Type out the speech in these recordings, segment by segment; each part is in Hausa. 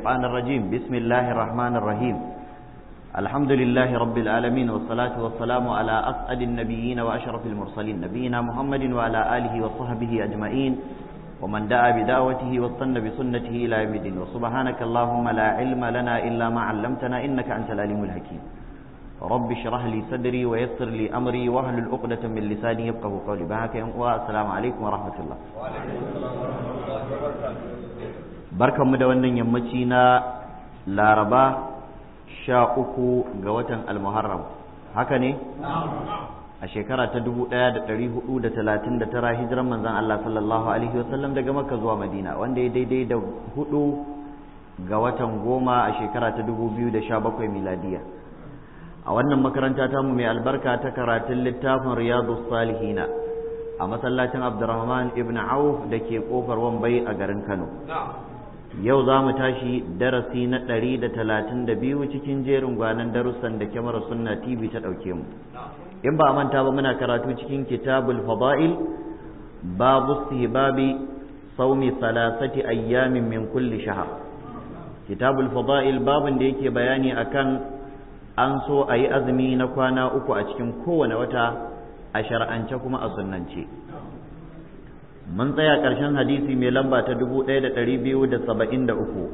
الشيطان الرجيم بسم الله الرحمن الرحيم الحمد لله رب العالمين والصلاة والسلام على أسعد النبيين وأشرف المرسلين نبينا محمد وعلى آله وصحبه أجمعين ومن دعا بدعوته واصطن بسنته إلى يوم الدين وسبحانك اللهم لا علم لنا إلا ما علمتنا إنك أنت العليم الحكيم رب اشرح لي صدري ويسر لي أمري واهلل عقدة من لساني يفقه قولي بهاك والسلام عليكم ورحمة الله وعليكم السلام ورحمة الله barkanmu da wannan yammaci na laraba sha uku ga watan almuharram haka ne a shekara ta dubu ɗaya da dari hudu da talatin da tara hijiran manzan Allah sallallahu alaihi wasallam daga makka zuwa madina wanda ya daidai da hudu ga watan goma a shekara ta dubu biyu da sha bakwai miladiya a wannan makaranta tamu mai albarka ta karatun littafin riyadu salihina a masallacin abdurrahman ibn auf da ke kofar wambai a garin kano yau za mu tashi darasi na ɗari da talatin da biyu cikin jerin gwanan darussan da kyamara sunna tv ta ɗauke mu in ba a manta ba muna karatu cikin kitabul fada'il babu sibabi saumi salasati ayyamin min kulli shahar kitabul fada'il babin da yake bayani akan an so a yi azumi na kwana uku a cikin kowane wata a shara'ance kuma a sunnance mun tsaya ƙarshen hadisi mai lamba ta 1273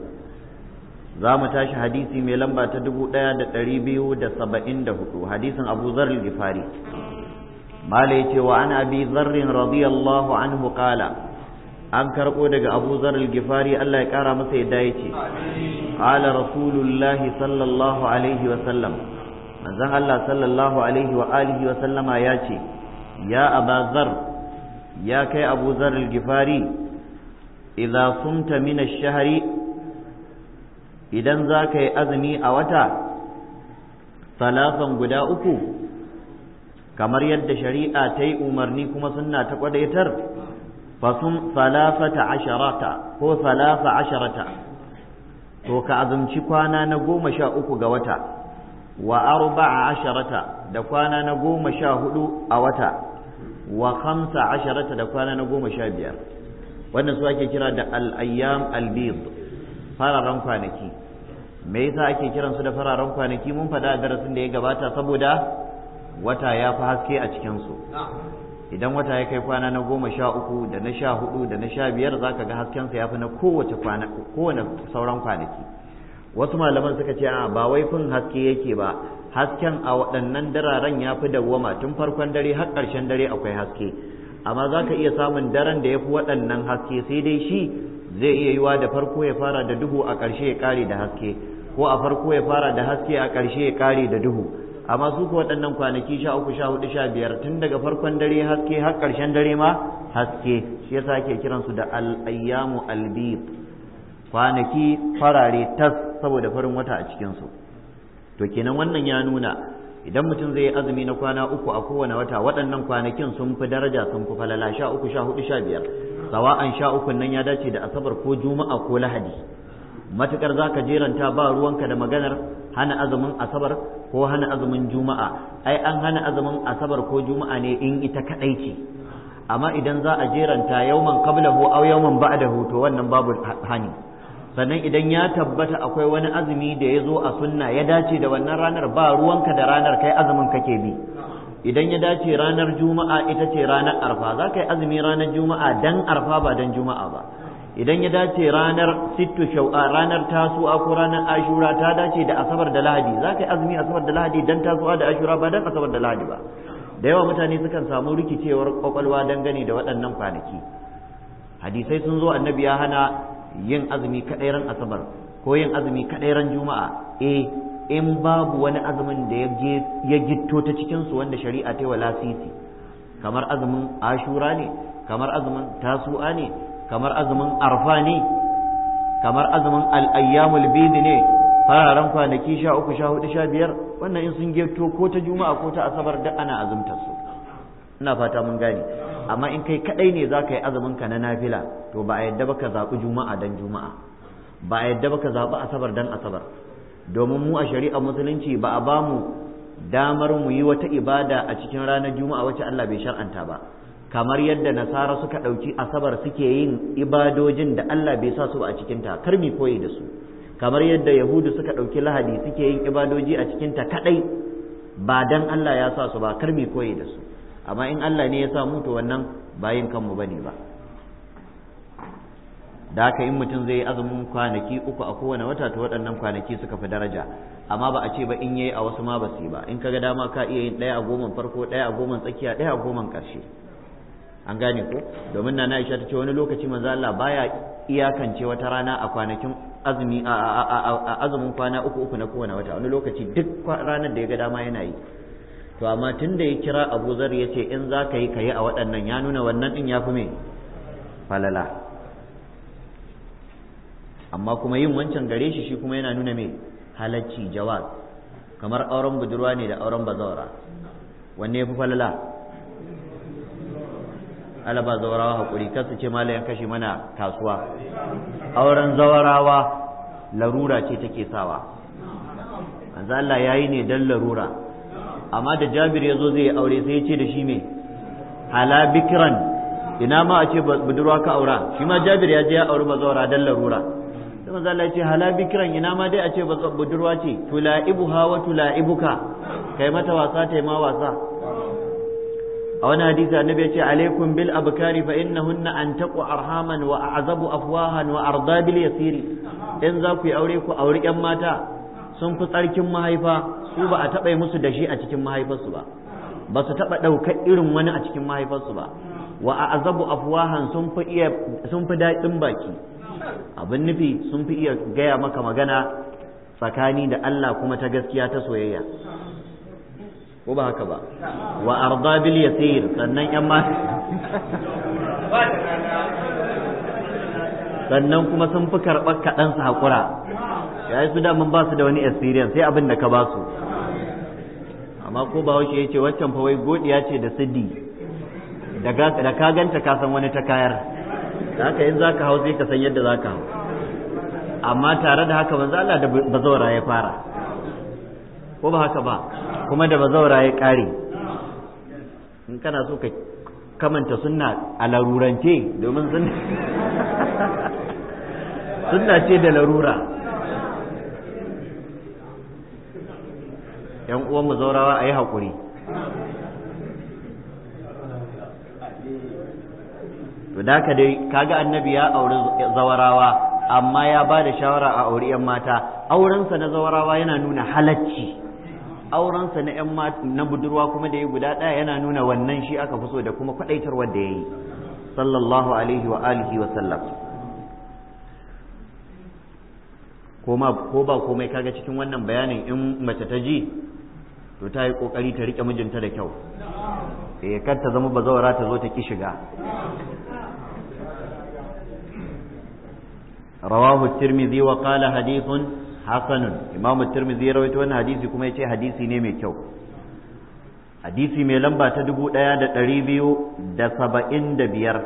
za mu tashi hadisi mai lamba ta 1274 hadisin abu zarar gifari malai cewa an abi zarrin radiyallahu anhu kala an karɓo daga abu zarar gifari allah ya ƙara masa yadda ya ce Ala rasulullahi sallallahu alaihi wasallam manzan allah sallallahu alaihi wa alihi wasallama ya ce ya abazar zar ya kai abu zarar gifari idza sumta min ash idan za ka yi azumi a wata salasan guda uku kamar yadda shari'a ta yi umarni kuma sunna ta kwadaitar fasum salasata asharata ko salasa asharata to ka azumci kwana na goma sha uku ga wata wa arba'a asharata da kwana na goma sha hudu a wata wa kamta asharata da kwana na goma sha biyar wannan su ake kira da al'ayyam fararen kwanaki me yasa ake kiran su da fararen kwanaki mun faɗa a darasin da ya gabata saboda wata ya fi haske a cikin su idan wata ya kai kwana na goma sha uku da na sha hudu da na sha biyar za ka ga haskensa ya fi na kowace kowane sauran kwanaki wasu malaman suka ce a ba wai kun haske yake ba hasken a waɗannan dararen ya fi dawwama tun farkon dare har ƙarshen dare akwai haske amma za ka iya samun daren da ya fi waɗannan haske sai dai shi zai iya yiwa da farko ya fara da duhu a ƙarshe ya ƙare da haske ko a farko ya fara da haske a ƙarshe ya ƙare da duhu amma su ko waɗannan kwanaki sha uku sha hudu sha biyar tun daga farkon dare haske har ƙarshen dare ma haske shi yasa ake kiransu da al-ayyamu al-bid kwanaki farare tas saboda farin wata a cikinsu to kenan wannan ya nuna idan mutum zai yi azumi na kwana uku a kowane wata waɗannan kwanakin sun fi daraja sun fi falala sha uku sha hudu sha biyar sawa'an sha uku nan ya dace da asabar ko juma'a ko lahadi matukar za ka jeranta ba ruwanka da maganar hana azumin asabar ko hana azumin juma'a ai an hana azumin asabar ko juma'a ne in ita kaɗai ce amma idan za a jeranta yauman qablahu aw yauman ba'dahu to wannan babu hani sannan idan ya tabbata akwai wani azumi da ya zo a sunna ya dace da wannan ranar ba ruwanka da ranar kai azumin kake bi idan ya dace ranar juma'a ita ce ranar arfa za ka yi azumi ranar juma'a dan arfa ba dan juma'a ba idan ya dace ranar sittu shau'a ranar tasu'a ko ranar ashura ta dace da asabar da lahadi za ka yi azumi asabar da lahadi dan tasu'a da ashura ba dan asabar da lahadi ba da yawa mutane sukan samu rikicewar kwakwalwa dangane da waɗannan kwanaki hadisai sun zo annabi ya hana yin azumi kaɗai ran asabar ko yin azumi kaɗai ran juma'a eh in babu wani azumin da ya gitto ta cikinsu wanda shari'a ta yi wa lasisi kamar azumin ashura ne kamar azumin tasu'a ne kamar azumin arfa ne kamar azumin al'ayyamul bidi ne fararen kwanaki sha uku sha hudu sha biyar wannan in sun gitto ko ta juma'a ko ta asabar da ana azumtar su ina fata mun gane amma in kai kadai ne za ka yi azumin ka na nafila to ba a yadda ba ka zaɓi juma'a dan juma'a ba a yadda ba ka zaɓi asabar dan asabar domin mu a shari'ar musulunci ba a bamu damar mu yi wata ibada a cikin ranar juma'a wacce Allah bai shar'anta ba kamar yadda nasara suka ɗauki asabar suke yin ibadojin da Allah bai sa su a cikinta kar mi koyi da su kamar yadda yahudu suka ɗauki lahadi suke yin ibadoji a cikinta kaɗai ba dan Allah ya sa su ba kar mi koyi da su amma in Allah ne ya sa mu to wannan bayin kanmu bane ba da haka in mutum zai yi azumin kwanaki uku a kowane wata ta waɗannan kwanaki suka fi daraja amma ba a ce ba in yayi a wasu ma ba su ba in kaga dama ka iya yin ɗaya a goma farko ɗaya a goma tsakiya ɗaya a goma ƙarshe an gane ko domin na Na'isha ta ce wani lokaci manzo Allah baya iyakance wata rana a kwanakin a azumin kwana uku uku na kowane wata wani lokaci duk ranar da ya ga dama yana yi to amma tunda ya kira Abu Zar ce in za ka yi ka yi a waɗannan ya nuna wannan din ya fi me falala amma kuma yin wancan gare shi shi kuma yana nuna me halacci jawaz kamar auren budurwa ne da auren bazawara wanne ya fi falala ala bazawarawa haƙuri kasu ce malayan kashe mana kasuwa auren zawarawa larura ce take sawa manzo Allah yayi ne dan larura amma da jabir ya zo zai aure sai ya ce da shi me hala bikiran ina ma a ce budurwa ka aura shi ma jabir ya je ya auri bazawara dan larura sai manzo Allah ya ce hala bikiran ina ma dai a ce budurwa ce tulaibuha wa tulaibuka kai mata wasa ta ma wasa a wani hadisi annabi ya ce alaikum bil abkari fa innahunna an taqu arhaman wa a'zabu afwahan wa ardabil yasiri in za ku yi aure ku auri yan mata sun fi tsarkin mahaifa su ba a taɓa musu da shi a cikin mahaifarsu ba ba su taɓa ɗaukar irin wani a cikin mahaifarsu ba wa a azabu afuwahan sun fi iya sun fi daɗin baki abin nufi sun fi iya gaya maka magana tsakani da Allah kuma ta gaskiya ta soyayya ko ba haka ba wa arda bil yasir sannan yan ma sannan kuma sun fi karɓar kaɗansu haƙura ya yi su daman ba su da wani experience sai abin da ka ba su amma ko ba ya ce waccan fa wai godiya ce da siddi da ka ganta ka san wani ta kayar haka in ka hau sai ka san yadda ka hau amma tare da haka manzo Allah da bazawara ya fara ko ba haka ba kuma da bazawara ya kare in kana so ka kamanta sunna a larurance domin sunna ce da larura yan uwanmu zaurawa a yi haƙuri to da ka dai kaga annabi ya auri zawarawa amma ya ba da shawara a auri 'yan mata aurensa na zawarawa yana nuna halacci aurensa na 'yan na budurwa kuma da ya guda ɗaya yana nuna wannan shi aka fi so da kuma kwaɗaitar da ya yi sallallahu alaihi wa alihi wa sallam ko ba komai kaga cikin wannan bayanin in mace ta ji to ta yi kokari ta rike mijinta da kyau eh kar ta zama bazawara ta zo ta ki shiga rawahu tirmizi wa qala hadithun hasanun imamu tirmidhi rawaito wannan hadisi kuma yace hadisi ne mai kyau hadisi mai lamba ta dubu ɗaya da biyu saba'in da biyar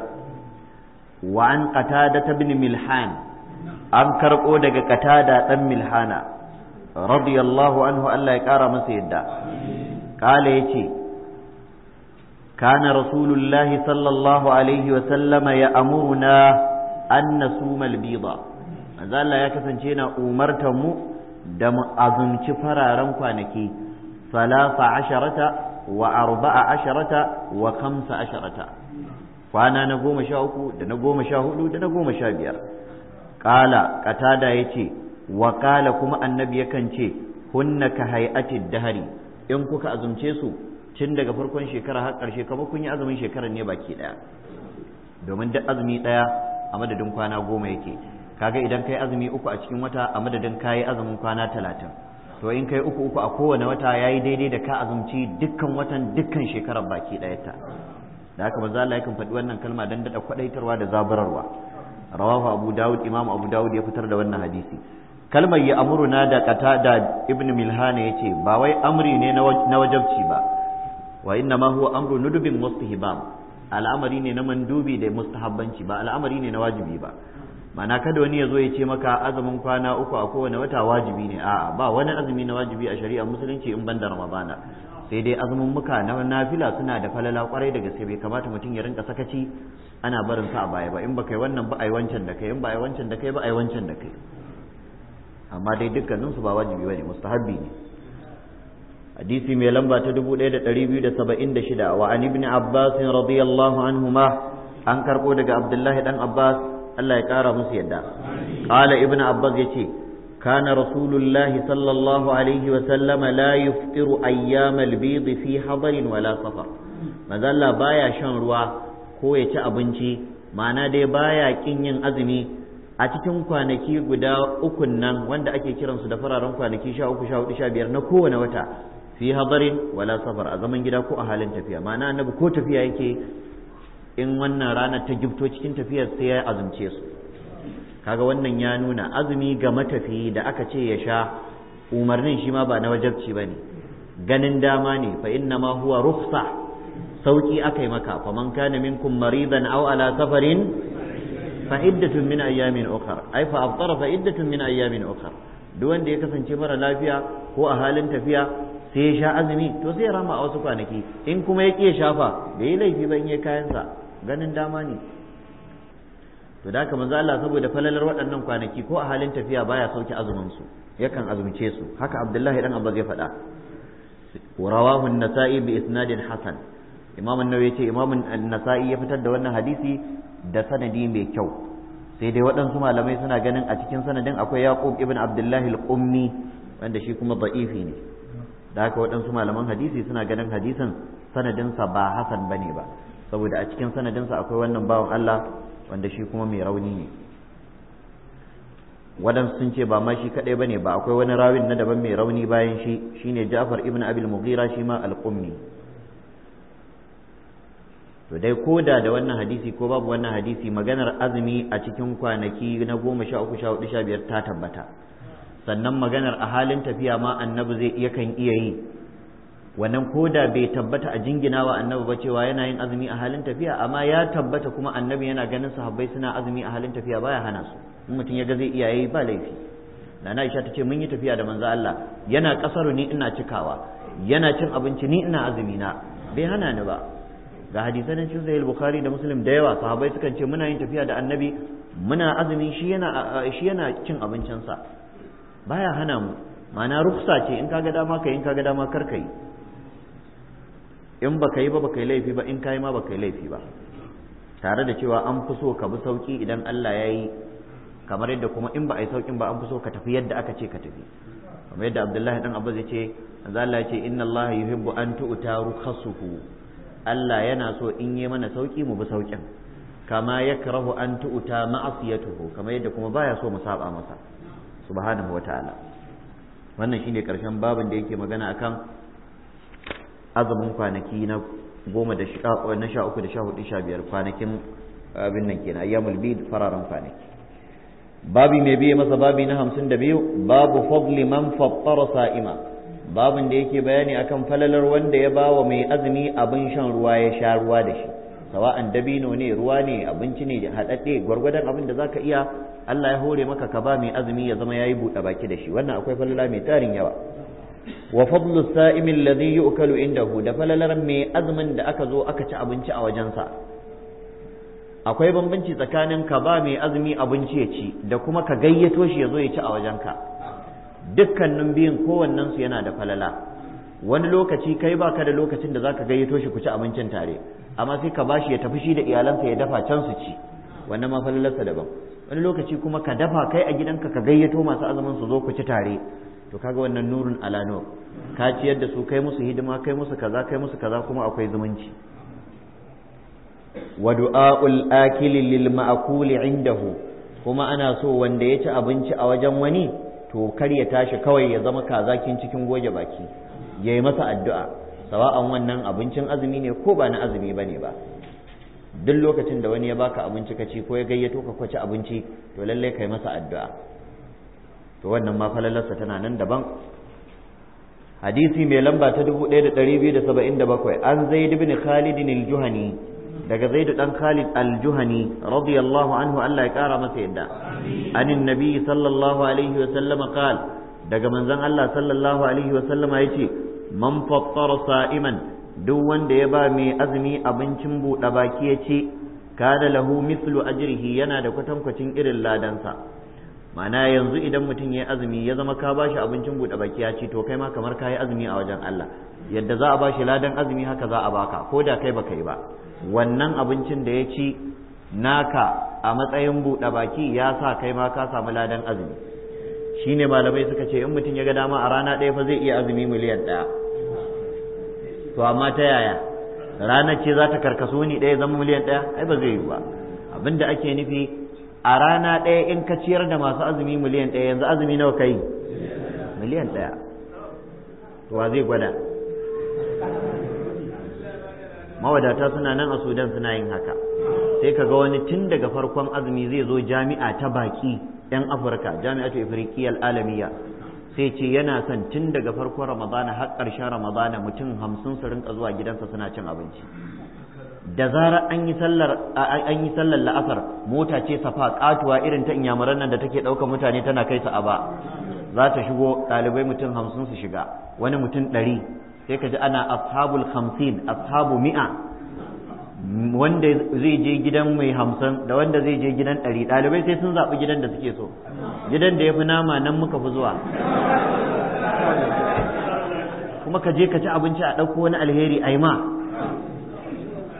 wa an qatada ibn milhan an karɓo daga qatada ɗan milhana radiyallahu anhu Allah ya kara masa yadda kala ce kana rasulullahi sallallahu alaihi wa sallama ya amuruna an nasuma albida manzo Allah ya kasance na umartar mu da mu azumci fararen kwanaki salasa asharata wa arba'a asharata wa kamsa asharata kwana na goma sha uku da na goma sha hudu da na goma sha biyar kala katada ya ce wa kuma annabi yakan ce hunna ka da dahari in kuka azumce su tun daga farkon shekara har ƙarshe kamar kun yi azumin shekarar ne baki ɗaya domin duk azumi ɗaya a madadin kwana goma yake kaga idan kai azumi uku a cikin wata a madadin kayi azumin kwana talatin to in kai uku uku a kowane wata yayi daidai da ka azumci dukkan watan dukkan shekarar baki ɗaya ta da haka manzo Allah yakan faɗi wannan kalma dan daɗa kwaɗaitarwa da zaburarwa rawahu abu dawud imam abu dawud ya fitar da wannan hadisi kalmar ya na da da ibn milhana ce, ba wai amri ne na wajabci ba wa inna ma huwa amru nudubin mustahibam al'amari ne na mandubi da mustahabbanci ba al'amari ne na wajibi ba mana kada wani ya zo ya ce maka azumin kwana uku a kowane wata wajibi ne a'a ba wani azumi na wajibi a shari'a musulunci in ban da ramadana sai dai azumin muka na nafila suna da falala kwarai da gaske bai kamata mutum ya rinka sakaci ana barin sa a baya ba in ba kai wannan ba ai wancan da kai in ba ai wancan da kai ba ai wancan da kai amma dai dukkanin su ba wajibi bane mustahabbi ne hadisi mai lamba ta 1276 wa an ibn abbas radiyallahu ma an karbo daga abdullahi dan abbas Allah ya kara musu yadda qala ibn abbas yace kana rasulullahi sallallahu alaihi wa sallama la yuftiru ayyam al fi hadarin wala safar mazalla baya shan ruwa ko ya ci abinci ma'ana dai baya kin yin azumi a cikin kwanaki guda ukun nan wanda ake kiransu da fararen kwanaki sha uku sha hudu sha biyar na kowane wata fi hadarin wala safar a zaman gida ko a halin tafiya ma'ana annabi ko tafiya yake in wannan ranar ta gifto cikin tafiyar sai ya azumce su kaga wannan ya nuna azumi ga matafiyi da aka ce ya sha umarnin shi ma ba na wajabci bane ganin dama ne fa inna ma huwa rukhsa sauki akai maka faman kana minkum maridan aw ala safarin fa'iddatun min ayyamin ukhra ai fa aftara fa'iddatun min ayyamin okar. duk wanda ya kasance mara lafiya ko a halin tafiya sai ya sha azumi to sai ya rama a wasu kwanaki in kuma ya ƙiya shafa da yi laifi ba in ya kayansa ganin dama ne to da za Allah saboda falalar waɗannan kwanaki ko a halin tafiya baya sauke azumin su yakan azumce su haka Abdullahi dan Abba zai faɗa rawahu an-Nasa'i bi isnadin hasan Imam an-Nawawi ce Imam an-Nasa'i ya fitar da wannan hadisi da sanadi mai kyau sai dai waɗansu malamai suna ganin a cikin sanadin akwai yaqub ibn abdullahi al-qummi wanda shi kuma da'ifi ne da haka waɗansu malaman hadisi suna ganin hadisin sanadinsa ba hasan bane ba saboda a cikin sanadinsa akwai wannan bawan Allah wanda shi kuma mai rauni ne waɗansu sun ce ba ma shi kaɗai bane ba akwai wani rawin na daban mai rauni bayan shi shine Ja'far ibn Abil Mughira shi ma al-Qummi to dai koda da wannan hadisi ko babu wannan hadisi maganar azumi a cikin kwanaki na goma sha uku sha hudu sha biyar ta tabbata sannan maganar a halin tafiya ma annabi zai yakan iya yi wannan koda bai tabbata a jingina wa annabi ba cewa yana yin azumi a halin tafiya amma ya tabbata kuma annabi yana ganin sahabbai suna azumi a halin tafiya baya hana su in mutum ya ga zai iya yi ba laifi na Aisha ta ce mun yi tafiya da manzo Allah yana kasaru ni ina cikawa yana cin abinci ni ina azumi na bai hana ni ba ga hadisan cikin sahih bukhari da muslim da yawa sahabbai sukan ce muna yin tafiya da annabi muna azumi shi yana shi yana cin abincinsa baya hana mu ma'ana ruksa ce in kaga dama kai in kaga dama kar kai in baka yi ba baka yi laifi ba in kai ma baka yi laifi ba tare da cewa an fi so ka bi sauki idan Allah ya yi kamar yadda kuma in ba a yi saukin ba an fi so ka tafi yadda aka ce ka tafi kamar yadda Abdullahi dan Abbas ya ce manzo Allah ya ce inna Allah yuhibbu an tu'ta rukhasuhu Allah yana so in yi mana sauƙi mu bi sauƙin, kama yakrahu an tu'ta ma'asiyatuhu kama yadda kuma baya so mu saba masa subhanahu wata'ala wannan shine karshen babin da yake magana akan azumin kwanaki na goma da na sha uku da sha hudu sha biyar kwanakin abin nan kenan ayyamul bid fararen kwanaki babi mai biye masa babi na hamsin da biyu babu fadli man fattara sa'ima babin da yake bayani akan falalar wanda ya ba wa mai azumi abin shan ruwa ya sha ruwa da shi sawa'an dabino ne ruwa ne abinci ne haɗaɗɗe gwargwadon abin da za ka iya Allah ya hore maka ka ba mai azumi ya zama ya yi buɗe baki da shi wannan akwai falala mai tarin yawa wa fadlu sa'im alladhi yu'kalu indahu da falalar mai azumin da aka zo aka ci abinci a wajensa akwai bambanci tsakanin ka ba mai azumi abinci ya ci da kuma ka gayyato shi ya zo ya ci a wajenka dukkanin biyun kowannen su yana da falala wani lokaci kai baka da lokacin da zaka gayyato shi ku ci abincin tare amma sai ka bashi ya tafi shi da iyalansa ya dafa can su ci wannan ma falalarsa daban wani lokaci kuma ka dafa kai a gidanka ka gayyato masu azumin su zo ku ci tare to kaga wannan nurun alano ka ciyar da su kai musu hidima kai musu kaza kai musu kaza kuma akwai zumunci wa du'a'ul akili lil ma'kuli indahu kuma ana so wanda ya ci abinci a wajen wani to kar ya tashi kawai ya zama kazakin cikin goge baki ya yi masa addu'a sawa'an wannan abincin azumi ne ko ba na azumi ba ne ba duk lokacin da wani ya baka abinci ka ci ko ya gayyato ka kwaci abinci to lallai yi masa addu'a to wannan ma falalarsa tana nan daban hadisi mai lamba ta 1277 an zaid ibn khalid al-juhani daga zaidu ɗan khalid al-juhani radiyallahu anhu Allah ya kara masa yadda anin nabi sallallahu alaihi wa sallama qal daga manzon Allah sallallahu alaihi wa sallama yace man fattara sa'iman duk wanda ya ba mai azumi abincin buɗe baki yace ce lahu mislu ajrihi yana da kwatankwacin irin ladansa ma'ana yanzu idan mutum ya azumi ya zama ka bashi abincin buɗe baki ya ci to kai ma kamar ka yi azumi a wajen Allah yadda za a bashi ladan azumi haka za a baka ko da kai baka yi ba wannan abincin da ya ci naka a matsayin buɗe baki ya sa kai ma ka samu ladan azumi Shi ne malamai suka ce in mutum ya ga dama a rana ɗaya fa zai iya azumi miliyan ɗaya to amma ta yaya ranar ce za ta karkasu ni ɗaya zama miliyan ɗaya ai ba zai yi ba abin da ake nufi a rana ɗaya in ka ciyar da masu azumi miliyan ɗaya yanzu azumi nawa kai? miliyan ɗaya to wa zai gwada mawadata suna nan a sudan suna yin haka sai kaga wani tun daga farkon azumi zai zo jami'a ta baki yan afirka jami'atu ifriqiyal alamiya sai ce yana son tun daga farkon ramadana har ƙarshen ramadana mutum hamsin su rinka zuwa gidansa suna cin abinci da zarar an yi sallar an yi sallar la'asar mota ce safa katuwa irin ta inyamuran nan da take ɗaukar mutane tana kai su a ba za ta shigo ɗalibai mutum hamsin su shiga wani mutum ɗari sai ka ji ana ashabul hamsin ashabu mi'a wanda zai je gidan mai hamsin da wanda zai je gidan ɗari ɗalibai sai sun zaɓi gidan da suke so gidan da ya fi nama nan muka fi zuwa kuma ka je ka ci abinci a ɗauko wani alheri a ma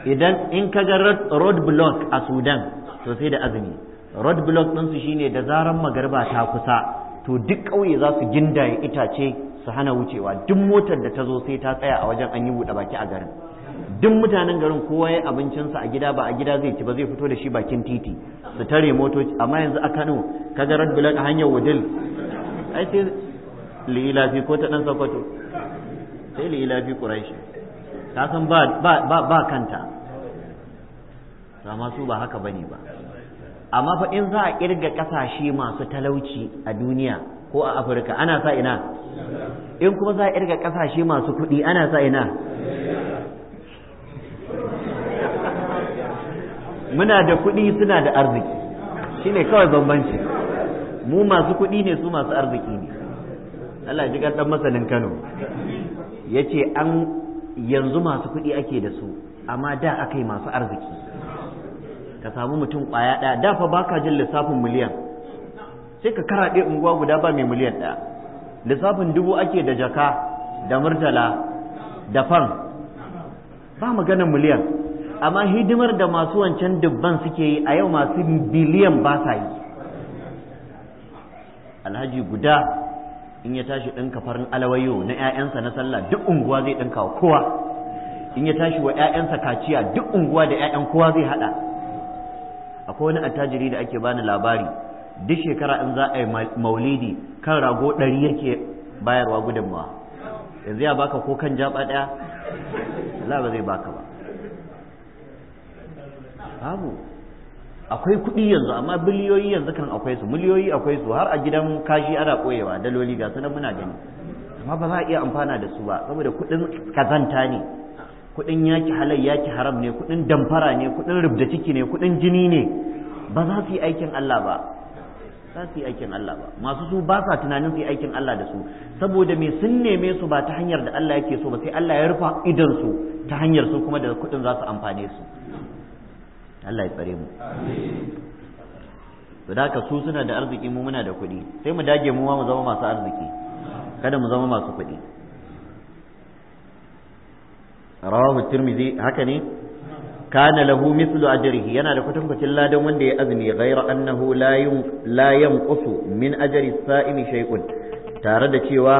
idan in ka ga road block a sudan to sai da azumi road block ɗinsu shine da zaran magarba ta kusa to duk ƙauye za su gindaye itace su hana wucewa duk motar da ta zo sai ta tsaya a wajen an yi buɗe baki a garin duk mutanen garin kowa ya abincinsa a gida ba a gida zai ci ba zai fito da shi bakin titi su tare motoci amma yanzu a Kano ka ga red a hanyar wudil ai sai fi ko ta dan Sokoto sai fi quraish ka san ba ba ba kanta amma su ba haka bane ba amma fa in za a kirga kasashe masu talauci a duniya ko a afirka ana sa ina in kuma za a irga kasashe masu kuɗi ana sa ina muna da kuɗi suna da arziki shine kawai bambanci mu masu kuɗi ne su masu arziki ne Allah ji dan masanin Kano yace an yanzu masu kuɗi ake da su amma da aka yi masu arziki ka samu mutum kwaya ɗaya da fa baka jin lissafin miliyan sai ka karaɗe unguwa guda ba mai miliyan ɗaya lissafin dubu ake da jaka da murtala da fan ba maganar miliyan amma hidimar da masu wancan dubban suke yi a yau masu biliyan ba sa yi alhaji guda in ya tashi ɗin farin alawayo na 'ya'yansa na sallah duk unguwa zai ɗinka kowa in ya tashi wa 'ya'yansa kaciya duk unguwa da 'ya'yan kowa zai haɗa akwai wani attajiri da ake bani labari duk shekara in za a yi maulidi kan rago ɗari yake bayarwa gudunmawa yanzu ya baka ko kan jaba ɗaya Allah ba zai baka ba babu akwai kuɗi yanzu amma biliyoyi yanzu kan akwai su miliyoyi akwai su har a gidan kashi ana koyewa daloli ga sunan muna gani amma ba za a iya amfana da su ba saboda kuɗin kazanta ne kuɗin yaki halal yaki haram ne kuɗin damfara ne kuɗin rubda ciki ne kuɗin jini ne ba za su yi aikin Allah ba za su yi aikin Allah ba masu su ba sa tunanin su yi aikin Allah da su saboda me sun neme su ba ta hanyar da Allah yake so ba sai Allah ya rufa idan su ta hanyar su kuma da kuɗin za su amfane su Allah ya tsare mu to da su suna da arziki mu muna da kuɗi sai mu dage mu ma mu zama masu arziki kada mu zama masu kuɗi rawahu tirmidhi haka ne kana lahu mithlu ajrihi yana da kwatankwacin ladan wanda ya azumi ghaira annahu la yun la yanqusu min ajri as-sa'imi shay'un tare da cewa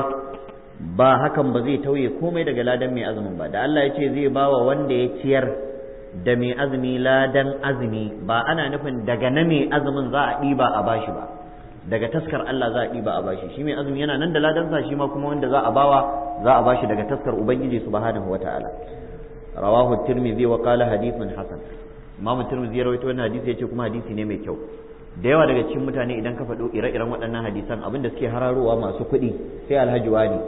ba hakan ba zai tauye komai daga ladan mai azumin ba da Allah ya ce zai bawa wanda ya ciyar da mai azumi ladan azumi ba ana nufin daga na mai azumin za a ɗiba a bashi ba daga taskar Allah za a ɗiba a bashi shi mai azumi yana nan da ladansa shi ma kuma wanda za a bawa za a bashi daga taskar ubangiji subhanahu wataala rawahu tirmidhi wa qala hadithun hasan imam tirmidhi ya rawaito wannan hadisi yace kuma hadisi ne mai kyau da yawa daga cikin mutane idan ka fado ire-iren waɗannan hadisan abinda suke hararowa masu kuɗi sai alhaji wani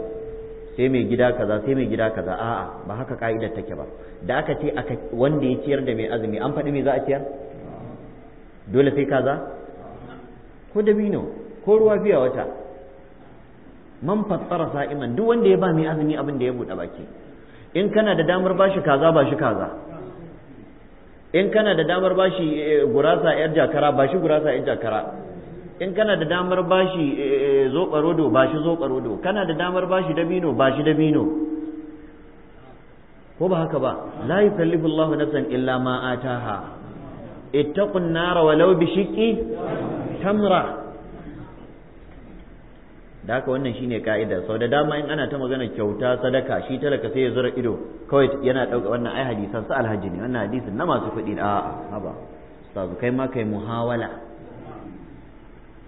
sai mai gida kaza sai mai gida kaza a'a ba haka ka'idar take ba da aka ce aka wanda ya ciyar da mai azumi an faɗi me za a ciyar dole sai kaza ko dabino ko ruwa biya wata man fassara sa'iman duk wanda ya ba mai azumi abin da ya buɗe baki in kana da damar bashi kaza bashi kaza in kana da damar bashi eh, eh, gurasa yar jakara bashi gurasa yar jakara in kana da damar bashi eh, do ba bashi zoɓa do kana da damar bashi dabino bashi dabino ko ba haka ba la yukallifu Allahu nafsan illa ma ataha ittaqun nara walau bi shiqqi tamra da haka wannan shine ka'ida sau da dama in ana ta magana kyauta sadaka shi talaka sai ya zura ido kawai yana ɗauka wannan ai hadisan su alhaji ne wannan hadisin na masu kuɗi a haba sabu kai ma kai muhawala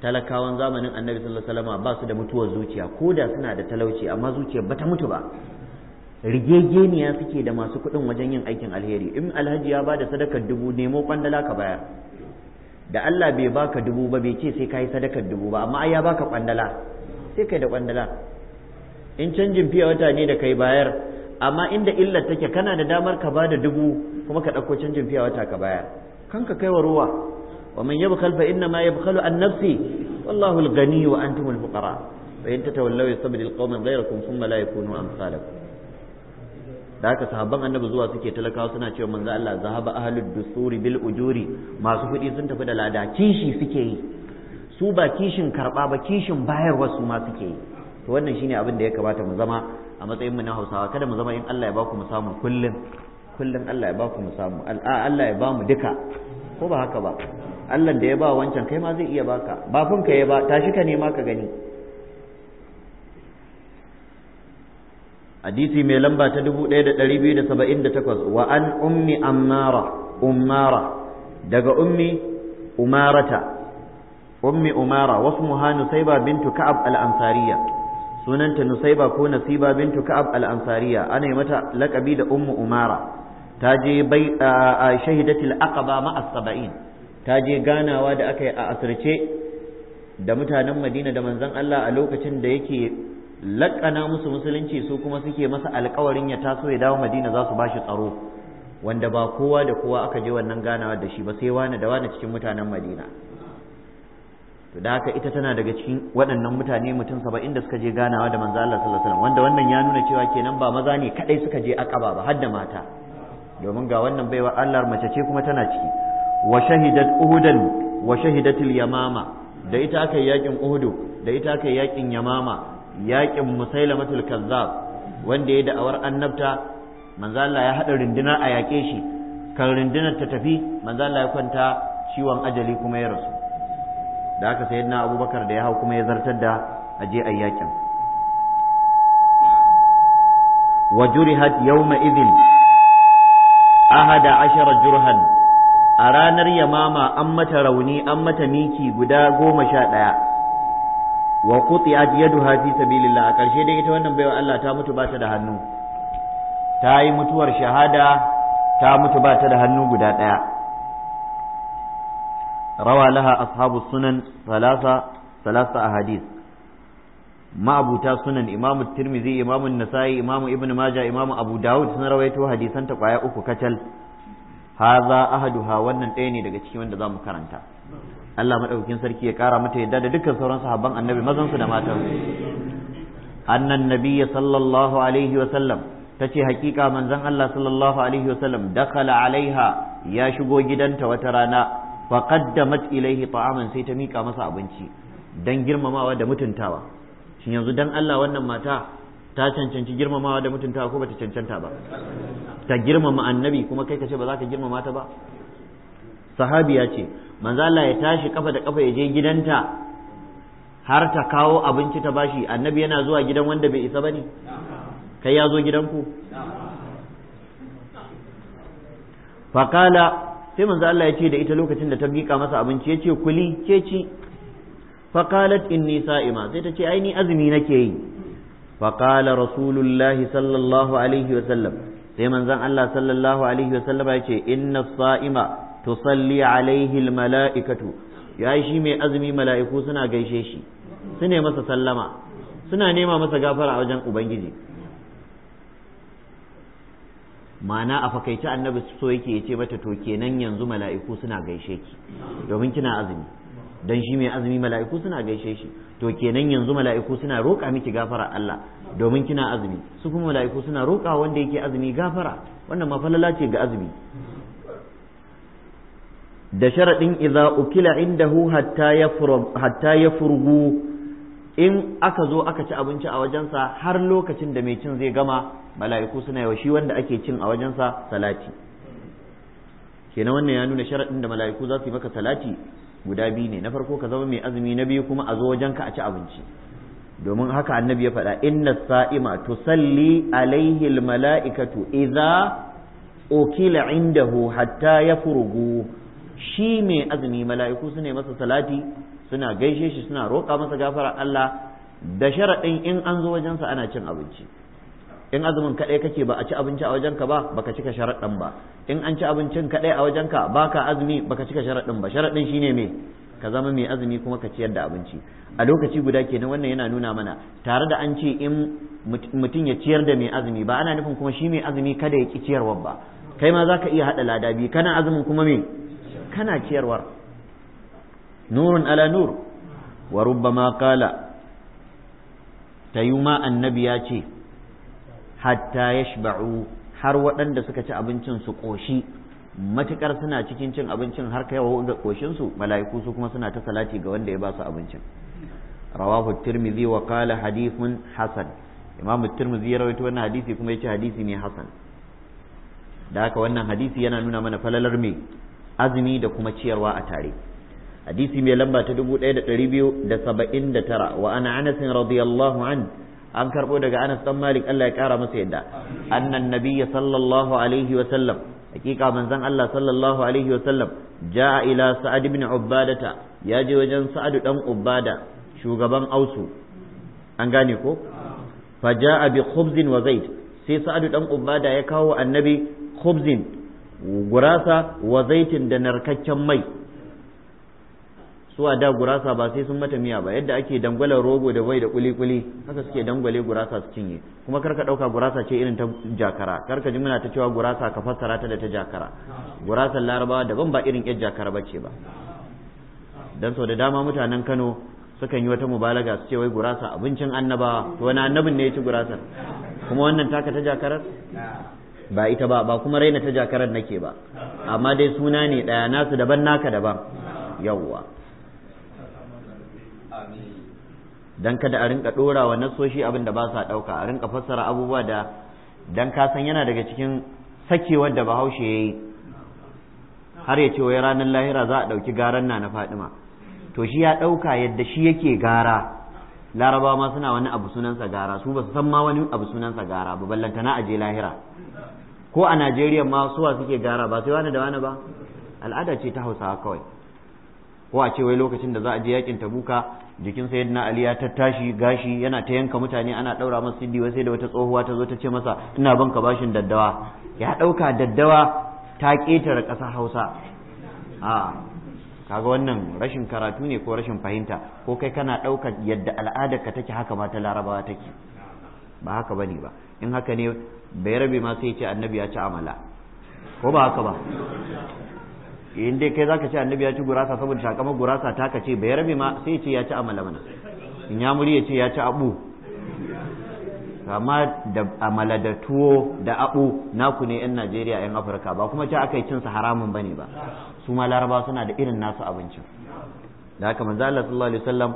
talakawan zamanin annabi sallallahu alaihi wasallam ba su da mutuwar zuciya ko da suna da talauci amma zuciyar ba ta mutu ba rigegeniya suke da masu kuɗin wajen yin aikin alheri in alhaji ya bada sadakar dubu nemo kwandala ka baya. da Allah bai baka dubu ba bai ce sai yi sadakar dubu ba amma ai ya baka kwandala sai kai da kwandala in canjin fiye wata ne da kai bayar amma inda illar take kana da damar ka bada dubu kuma ka ɗauko canjin fiye wata ka bayar kanka kai wa ruwa wa man yabkhal fa inna ma yabkhalu an nafsi wallahu al-ghani wa antum al-fuqara wa in tatawallaw yastabdil qauman ghayrakum thumma la yakunu amsalakum da haka sahabban annabi zuwa suke talakawa suna cewa manzo Allah zahaba ahlud dusuri bil ujuri masu kuɗi sun tafi da lada kishi suke yi su ba kishin karɓa ba kishin bayarwa su ma suke yi to wannan shine abin da ya kamata mu zama a matsayin mu na Hausawa kada mu zama in Allah ya ba ku mu samu kullum kullum Allah ya ba ku mu samu al'a Allah ya ba mu duka ko ba haka ba Allah da ya ba wancan kai ma zai iya baka ba ka ya ba tashi ka nema ka gani hadisi mai lamba ta 1278 wa an ummi ammara ummara daga ummi umarata ummi umara wasmuha nusayba bintu ka'ab al-ansariya sunanta nusayba ko nasiba bintu ka'ab al-ansariya ana mata lakabi da Ummi umara ta je bai shahidatul aqaba ma as ta je ganawa da aka yi a asirce da mutanen Madina da manzon Allah a lokacin da yake laƙana musu musulunci su kuma suke masa alƙawarin ya taso ya dawo Madina za su bashi tsaro wanda ba kowa da kowa aka je wannan ganawa da shi ba sai wani da wani cikin mutanen Madina to da haka ita tana daga cikin waɗannan mutane mutum saba'in da suka je ganawa da manzo Allah sallallahu alaihi wanda wannan ya nuna cewa kenan ba maza ne kadai suka je akaba ba har da mata domin ga wannan baiwa Allah mace ce kuma tana ciki wa shahidat uhudan wa shahidatil yamama da ita aka yakin uhudu da ita aka yakin yamama yakin musailamatul kazzab wanda ya da'awar annabta manzo Allah ya hada runduna a yake shi kan rundunar ta tafi manzo Allah ya kwanta ciwon ajali kuma ya rasu da aka sayar na abubakar da ya hau kuma ya zartar da aje a yakin wa jurihat yawma idhin ahada ashara jurhan a ranar yamama an mata rauni an mata miki guda goma sha ɗaya wa quti'at yaduha fi sabilillah a ƙarshe dai ita wannan baiwa Allah ta mutu bata da hannu ta yi mutuwar shahada ta mutu bata da hannu guda ɗaya rawa laha ashabu sunan salasa salasa ahadith ma'abuta sunan imamu tirmizi imamu nasa'i imamu maja imamu abu dawud sun rawaito hadisan ta kwaya uku kacal haza ahaduha wannan ɗaya ne daga cikin wanda zamu karanta Allah madaukakin sarki ya kara mata yadda dukkan sauran sahabban annabi mazan su da matan su annan sallallahu alaihi wa sallam tace hakika manzon Allah sallallahu alaihi wa sallam dakala alaiha ya shigo gidanta wata rana fa qaddamat ilaihi ta'aman sai ta mika masa abinci dan girmamawa da mutuntawa shin yanzu dan Allah wannan mata ta cancanci girmamawa da mutuntawa ko bata cancanta ba ta girmama annabi kuma kai ka ce ba za ka girmama ta ba sahabiya ce manzo Allah ya tashi kafa da kafa ya je gidanta har ta kawo abinci ta bashi annabi yana zuwa gidan wanda bai isa bane kai ya zo gidanku faqala sai manzo Allah ya ce da ita lokacin da ta miƙa masa abinci ya ce kuli ke ci faqalat inni sa'ima sai ta ce ai ni azumi nake yi faqala rasulullahi sallallahu alaihi wa sallam sai manzon Allah sallallahu alaihi wa sallam ya ce inna sa'ima tusalli alaihi almala'ikatu ya shi mai azumi mala'iku suna gaishe shi su masa sallama suna nema masa gafara a wajen ubangiji ma'ana a fakaice annabi so yake ce mata to kenan yanzu mala'iku suna gaishe ki domin kina azumi dan shi mai azumi mala'iku suna gaishe shi to kenan yanzu mala'iku suna roƙa miki gafara Allah domin kina azumi su kuma mala'iku suna roƙa wanda yake azumi gafara wannan ma falala ce ga azumi da sharaɗin idza ukila indahu hatta yafrug hatta yafrugu in aka zo aka ci abinci a wajensa har lokacin da mai cin zai gama mala'iku suna yawa shi wanda ake cin a wajensa salati kenan wannan ya nuna sharaɗin da mala'iku za su yi maka salati guda biyu ne na farko ka zama mai azumi na biyu kuma a zo wajenka a ci abinci domin haka annabi ya faɗa inna sa'ima tusalli alaihi mala'ikatu idza ukila indahu hatta ya furugu shi mai azumi mala'iku suna masa salati suna gaishe shi suna roƙa masa gafara Allah da sharaɗin in an zo wajensa ana cin abinci in azumin kaɗai kake ba a ci abinci a wajenka ba baka cika sharaɗin ba in an ci abincin kaɗai a wajenka baka azumi baka cika sharaɗin ba sharaɗin shine me ka zama mai azumi kuma ka ciyar da abinci a lokaci guda kenan wannan yana nuna mana tare da an ce in mutum ya ciyar da mai azumi ba ana nufin kuma shi mai azumi kada ya ki ciyarwar ba kai ma za ka iya haɗa lada biyu kana azumin kuma me kana ciyarwar nurun ala nur wa rubbama qala tayuma annabi ya ce hatta yashba'u har waɗanda suka ci abincin su ƙoshi matukar suna cikin cin abincin har kai wa ƙoshin su mala'iku su kuma suna ta salati ga wanda ya ba su abincin rawahu tirmidhi wa qala hadithun hasan imam tirmidhi ya rawaito wannan hadisi kuma yace hadisi ne hasan da haka wannan hadisi yana nuna mana falalar mai azumi da kuma ciyarwa a tare hadisi mai lamba ta dubu ɗaya da da ɗari tara wa ana anas radiyallahu anhu an karbo daga Anas dan Malik Allah ya kara masa yadda annan nabiyya sallallahu alaihi wa sallam hakika manzon Allah sallallahu alaihi wa sallam jaa ila Sa'ad ibn Ubadata ya je wajen Sa'ad dan Ubada shugaban Ausu an gane ko fa jaa bi khubzin wa zait sai Sa'ad dan Ubada ya kawo annabi khubzin gurasa wa zaitin da narkakken mai suwa da gurasa ba sai sun mata miya ba yadda ake dangwalar rogo da bai da kuli-kuli haka suke dangwale gurasa su cinye kuma karka ɗauka gurasa ce irin ta jakara karka ji muna ta cewa gurasa ka fassara ta da ta jakara gurasar larabawa daban ba irin yar jakara ba ce ba dan sau da dama mutanen kano sukan yi wata mubalaga su ce wai gurasa abincin annabawa to wani annabin ne ya ci gurasar kuma wannan taka ta jakarar ba ita ba ba kuma raina ta jakarar nake ba amma dai suna ne ɗaya nasu daban naka daban yawwa dan kada a rinka dora wa nasoshi abin da ba sa dauka a rinka fassara abubuwa da dan ka san yana daga cikin sakewar da bahaushe yayi har ya ce wai ranar lahira za a ɗauki garan na na faɗima, to shi ya ɗauka yadda shi yake gara laraba ma suna wani abu sunansa gara su ba su san ma wani abu sunansa gara ba ballantana a je lahira ko a Najeriya ma suwa suke gara ba sai wani da wani ba al'ada ce ta Hausawa kawai ko a ce wai lokacin da za a je yakin tabuka jikin sayyidina ali ya tattashi gashi yana ta yanka mutane ana daura masa siddi wai sai da wata tsohuwa ta zo ta ce masa ina ban ka bashin daddawa ya dauka daddawa ta ketare ƙasar hausa a kaga wannan rashin karatu ne ko rashin fahimta ko kai kana ɗaukar yadda al'adar ka take haka ma ta larabawa take ba haka bane ba in haka ne bai rabe ma sai ce annabi ya ci amala ko ba haka ba in dai kai zaka ce annabi ya ci gurasa saboda shakama gurasa ta ka ce bai rabe ma sai ce ya ci amala mana in ya muri ya ce ya ci abu amma da amala da tuwo da abu naku ne yan Najeriya yan Afirka ba kuma ce aka yi cin sa haramun bane ba su ma Laraba suna da irin nasu abincin da haka manzo Allah sallallahu alaihi wasallam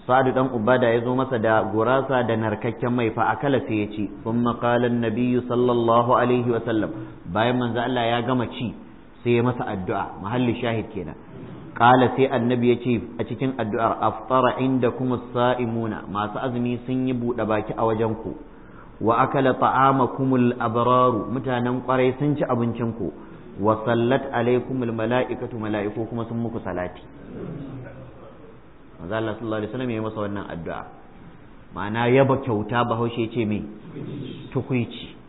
Sa'adu dan Ubada ya zo masa da gurasa da narkakken mai fa akala sai ya ci thumma qala an-nabiyyu sallallahu alaihi wasallam bayan manza Allah ya gama ci sai ya masa addu'a mahalli shahid kenan qala sai annabi ya ce a cikin addu'ar aftara inda kuma saimuna masu azumi sun yi buɗe baki a wajen ku wa akala kumul abraru mutanen kwarai sun ci abincin ku wa sallat alaikumul mala'ikatu mala'iku kuma sun muku salati manzo Allah sallallahu alaihi wasallam ya masa wannan addu'a ma'ana yaba kyauta bahaushe ce me tukuici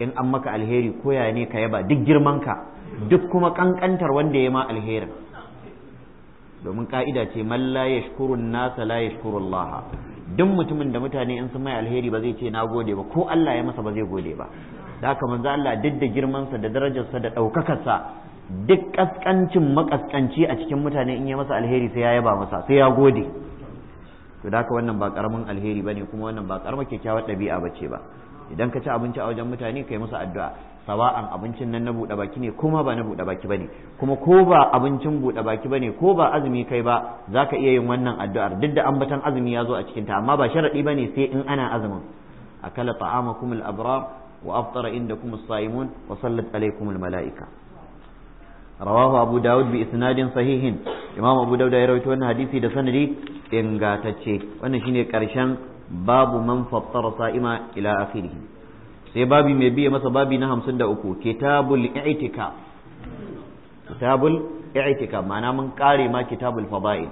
in an maka alheri koya ne ka yaba duk girmanka duk kuma kankantar wanda ya ma alherin domin ka'ida ce man la yashkurun nasa la laha duk mutumin da mutane in sun mai alheri ba zai ce na gode ba ko Allah ya masa ba zai gode ba da haka manzo Allah duk da girmansa da darajarsa da ɗaukakarsa duk kaskancin makaskanci a cikin mutane in ya masa alheri sai ya yaba masa sai ya gode to da haka wannan ba karamin alheri bane kuma wannan ba karamar kyakkyawar ɗabi'a bace ba idan ka ci abinci a wajen mutane kai musu addu'a sawa'an abincin nan na buɗe baki ne kuma ba na buɗe baki bane kuma ko ba abincin buɗe baki bane ko ba azumi kai ba zaka iya yin wannan addu'ar duk da ambatan azumi ya zo a cikin ta amma ba sharadi bane sai in ana azumin akala ta'amakum al-abrar wa aftara indakum as-saimun wa sallat alaykum al-mala'ika rawahu abu daud bi isnadin sahihin imam abu daud ya rawaito wannan hadisi da sanadi ingantacce wannan shine karshen babu man fattara sa'ima ila akhirih sai babu mai biye masa babu na hamsin da uku kitabul i'tikaf kitabul i'tikaf ma'ana mun kare ma kitabul fada'il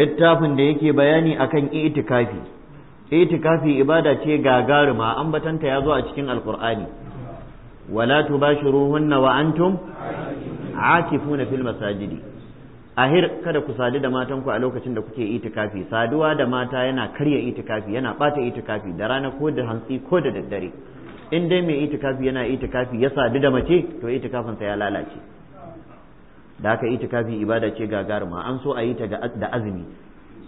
littafin da yake bayani akan i'tikafi i'tikafi ibada ce gagaruma an batanta ya zo a cikin alqur'ani wala tubashiruhunna wa antum عاكفون في المساجد ahir kada ku sadu da matanku a lokacin da kuke itikafi saduwa da mata yana karya itikafi yana bata itikafi da rana ko da hantsi ko da daddare in dai mai itikafi yana itikafi ya sadu da mace to itikafinsa ya lalace da haka itikafi ibada ce gagaruma an so a yi ta da azumi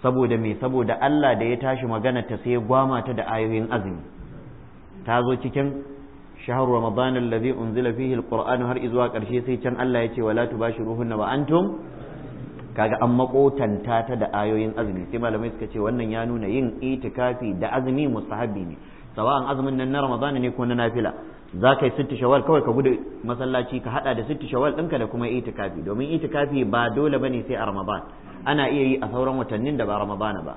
saboda me saboda Allah da ya tashi magana ta sai gwama ta da ayoyin azumi ta zo cikin shahar ramadan allazi unzila fihi alquran har izuwa karshe sai can Allah ya ce wala tubashiruhunna wa antum kaga an makotanta ta da ayoyin azumi sai malamai suka ce wannan ya nuna yin itikafi da azumi mustahabi ne sawa'an azumin nan na ramadana ne ko na nafila za ka yi sitti shawal kawai ka gudu masallaci ka hada da sitti shawal ɗinka da kuma itikafi domin itikafi ba dole bane sai a ramadan ana iya yi a sauran watannin da ba ramadana ba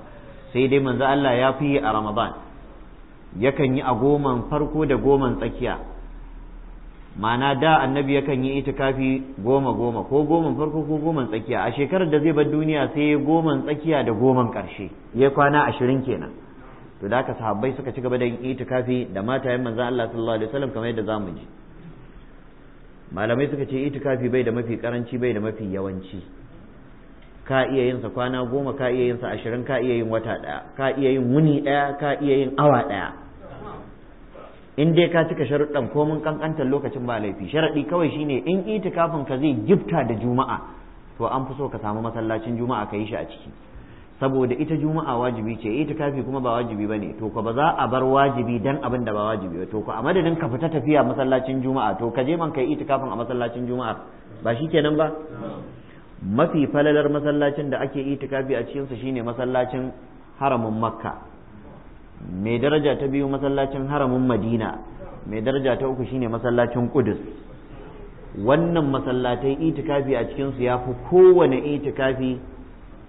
sai dai manzo Allah ya fi a ramadan yakan yi a goman farko da goman tsakiya ma'ana da annabi yakan yi itikafi goma goma ko goma farko ko goma tsakiya a shekarar da zai bar duniya sai ya tsakiya da goma karshe ya kwana ashirin kenan to da aka sahabbai suka ci gaba da yin itikafi da matayen manzo Allah sallallahu alaihi wasallam kamar yadda zamu ji malamai suka ce itikafi bai da mafi karanci bai da mafi yawanci ka iya yin sa kwana goma ka iya yin sa ashirin ka iya yin wata daya ka iya yin wuni daya ka iya yin awa daya. in dai ka cika sharuɗan mun kankantar lokacin ba laifi sharaɗi kawai shine in itikafin ka zai gifta da juma'a to an fi so ka samu masallacin juma'a ka yi shi a ciki saboda ita juma'a wajibi ce itikafi kuma ba wajibi ba ne to ka ba za a bar wajibi dan abin da ba wajibi ba to ka a madadin ka fita tafiya masallacin juma'a to ka je man kai itikafin a masallacin juma'a ba shi kenan ba mafi falalar masallacin da ake itikafi a cikinsa shine masallacin haramin makka mai daraja ta biyu masallacin haramin madina mai daraja ta uku shine masallacin kudus wannan masallatai itikafi a cikinsu ya fi kowane itikafi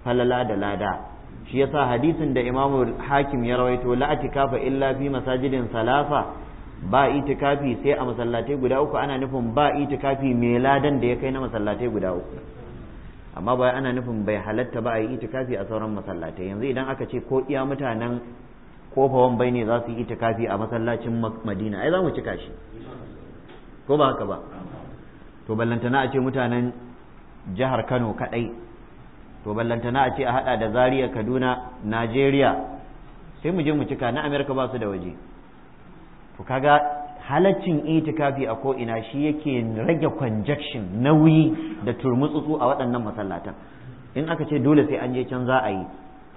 falala da lada shi yasa hadisin da imamu hakim ya rawaito la atikafa illa fi masajidin salafa ba itikafi sai a masallatai guda uku ana nufin ba itikafi mai ladan da ya kai na masallatai guda uku amma ba ana nufin bai halatta ba a yi itikafi a sauran masallatai yanzu idan aka ce ko iya mutanen kofawan wambai bai ne za su yi itikafi a masallacin madina ai za mu cika shi ko ba haka ba to ballantana a ce mutanen jihar kano kadai to ballantana a ce a hada da zaria kaduna najeriya sai mu je mu cika na amerika ba su da waje to kaga halaccin itikafi a ko'ina shi yake rage conjection nauyi da turmutsutsu a waɗannan masallatan in aka ce dole sai an je can za a yi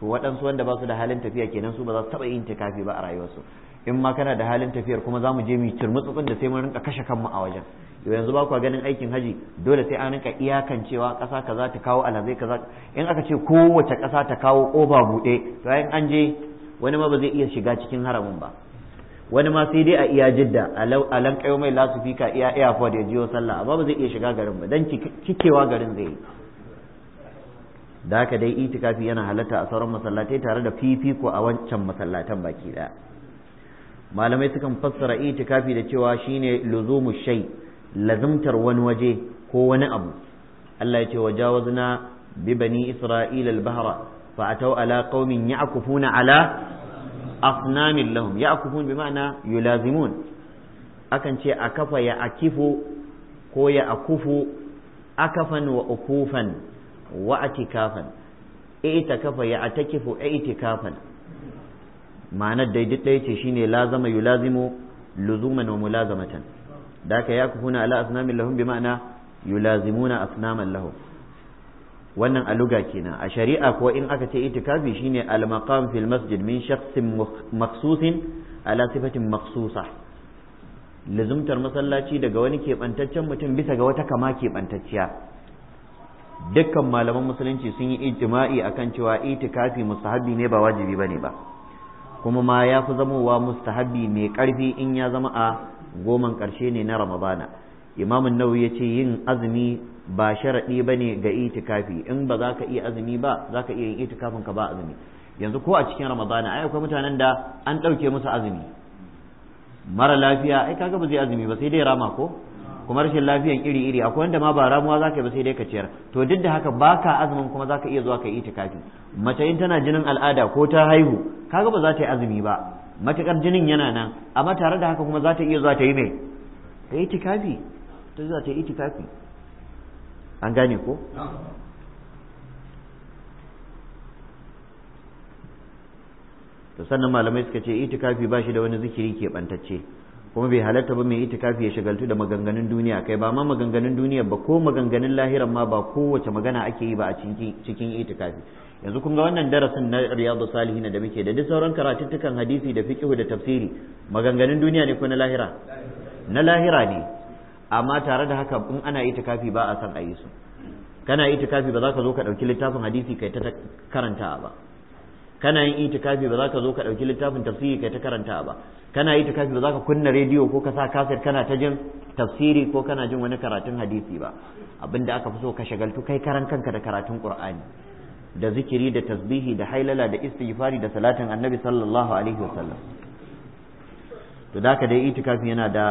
to waɗansu wanda ba su da halin tafiya kenan su ba za su taɓa yin tikafi ba a rayuwarsu in ma kana da halin tafiyar kuma za mu je mu yi turmutsutsun da sai mun rinka kashe kanmu a wajen yau yanzu ba kuwa ganin aikin haji dole sai an rinka iyakancewa ƙasa kaza ta kawo alhazai kaza in aka ce kowace ƙasa ta kawo ƙofa buɗe to in an je wani ma ba zai iya shiga cikin haramin ba wani ma sai dai a iya jidda a lankayo mai lasufika iya airport ya jiyo sallah ba ba zai iya shiga garin ba dan kikewa garin zai yi da haka dai itikafi yana halatta a sauran masallatai tare da fifiko a wancan masallatan baki da. malamai sukan fassara itikafi da cewa shine luzumu shai lazumtar wani waje ko wani abu Allah ya ce wajawazna bi bani isra'ila al-bahra fa atau ala qaumin ya'kufuna ala asnamin lahum ya'kufun bi ma'ana yulazimun akan ce a kafa ya akifu ko ya akufu akafan wa ukufan wa atikafan kafa ya atakifu i'tikafan ma'anar dai duk ɗaya ce shine lazama yulazimu luzuman wa mulazamatan da haka ya kufuna ala asnamin lahum bi ma'ana yulazimuna asnaman lahum wannan a kenan a shari'a ko in aka ce itikafi shine al-maqam fil masjid min shakhsin makhsusin ala sifatin makhsusa lazumtar masallaci daga wani keɓantaccen mutum bisa ga wata kama keɓantacciya dukkan malaman musulunci sun yi ijtima'i akan cewa itikafi mustahabi ne ba wajibi bane ba kuma ma ya fi zamowa mustahabbi mai karfi in ya zama a goman karshe ne na ramadana imamun nawawi ya ce yin azumi ba sharaɗi ba ne ga itikafi in ba za ka iya azumi ba za ka iya yin itikafin ka ba azumi yanzu ko a cikin ramadana ai akwai mutanen da an ɗauke musu azumi mara lafiya ai kaga ba zai azumi ba sai dai rama ko kuma rashin lafiyan iri iri akwai wanda ma ba ramuwa za ka yi ba sai dai ka ciyar to duk da haka ba ka azumin kuma za ka iya zuwa ka yi itikafi mace in tana jinin al'ada ko ta haihu kaga ba za ta yi azumi ba matakar jinin yana nan amma tare da haka kuma za ta iya zuwa ta yi mai ta yi itikafi ta zuwa ta yi itikafi an gane ko sannan malamai suka ce itikafi ba shi da wani zikiri ke bantacce kuma bai halarta ba mai itikafi ya shagaltu da maganganun duniya kai ba ma maganganun duniya ba ko maganganun lahiran ma ba kowace magana ake yi ba a cikin itikafi yanzu kun ga wannan darasin na riyadu salihin da muke da duk sauran karatuttukan hadisi da fiqh da tafsiri maganganun duniya ne ko na lahira na lahira ne amma tare da haka in ana itikafi ba a san a yi su kana itikafi ba za ka zo ka ɗauki littafin hadisi kai ta karanta ba kana yin itikafi ba za ka zo ka ɗauki littafin tafsiri kai ta karanta ba kana yi itikafi ba za ka kunna rediyo ko ka sa kaset kana ta jin tafsiri ko kana jin wani karatun hadisi ba abinda aka fi so ka shagaltu kai karan kanka da karatun qur'ani da zikiri da tasbihi da hailala da istighfari da salatin annabi sallallahu alaihi wasallam to da dai itikafi yana da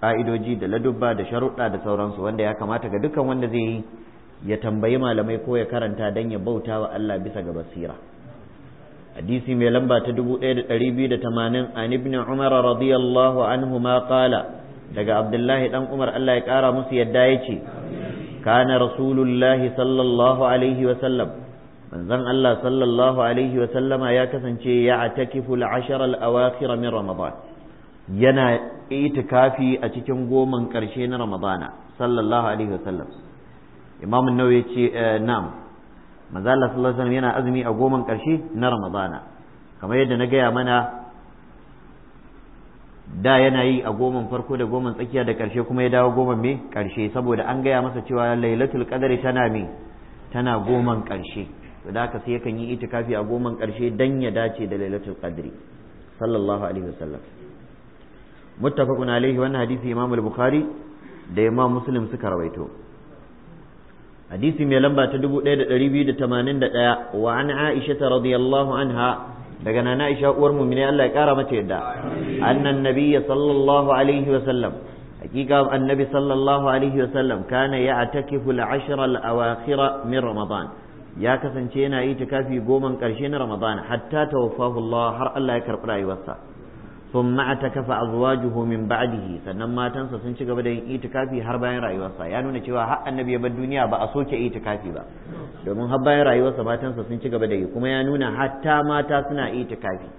ka'idoji da ladubba da sharuɗa da sauransu wanda ya kamata ga dukkan wanda zai yi ya tambayi malamai ko ya karanta dan ya bauta wa Allah bisa ga basira hadisi mai lamba ta 1280 an ibn umar radiyallahu anhu ma qala daga abdullahi dan umar Allah ya kara musu yadda yace kana rasulullahi sallallahu alaihi wa sallam manzon Allah sallallahu alaihi wa sallama ya kasance ya atakifu al-ashar al-awakhir min ramadan yana itikafi a cikin goman karshe na ramadana sallallahu alaihi wa sallam imam an ce eh, manzo Allah sallallahu alaihi yana azumi a goman karshe na ramadana kamar yadda na gaya mana da yana yi a goman farko da goman tsakiya da karshe kuma ya dawo goman me karshe saboda an gaya masa cewa lailatul qadri tana me tana goman karshe da haka sai yakan yi itikafi a goman karshe dan ya dace da lailatul qadri sallallahu alaihi wasallam muttafaqun alaihi wannan hadisi imamul al-bukhari da imam muslim suka rawaito حديث ميلمبا تدبو ليلة ريبي تمانين وعن عائشة رضي الله عنها لقنا عائشة ورم من الله كارمة يدا أن النبي صلى الله عليه وسلم حقيقة النبي صلى الله عليه وسلم كان يعتكف العشر الأواخر من رمضان ya kasance yana yi tikafi goman ƙarshe na ramadana hatta tawaffahu Allah har Allah ya karɓi rayuwarsa ثم اعتكف ازواجه من بعده sannan matansa sun ci gaba da yin itikafi har bayan rayuwarsa ya nuna cewa har annabi ya bar duniya ba a soke itikafi ba domin har bayan rayuwarsa matansa sun ci gaba da yi kuma ya nuna hatta mata suna itikafi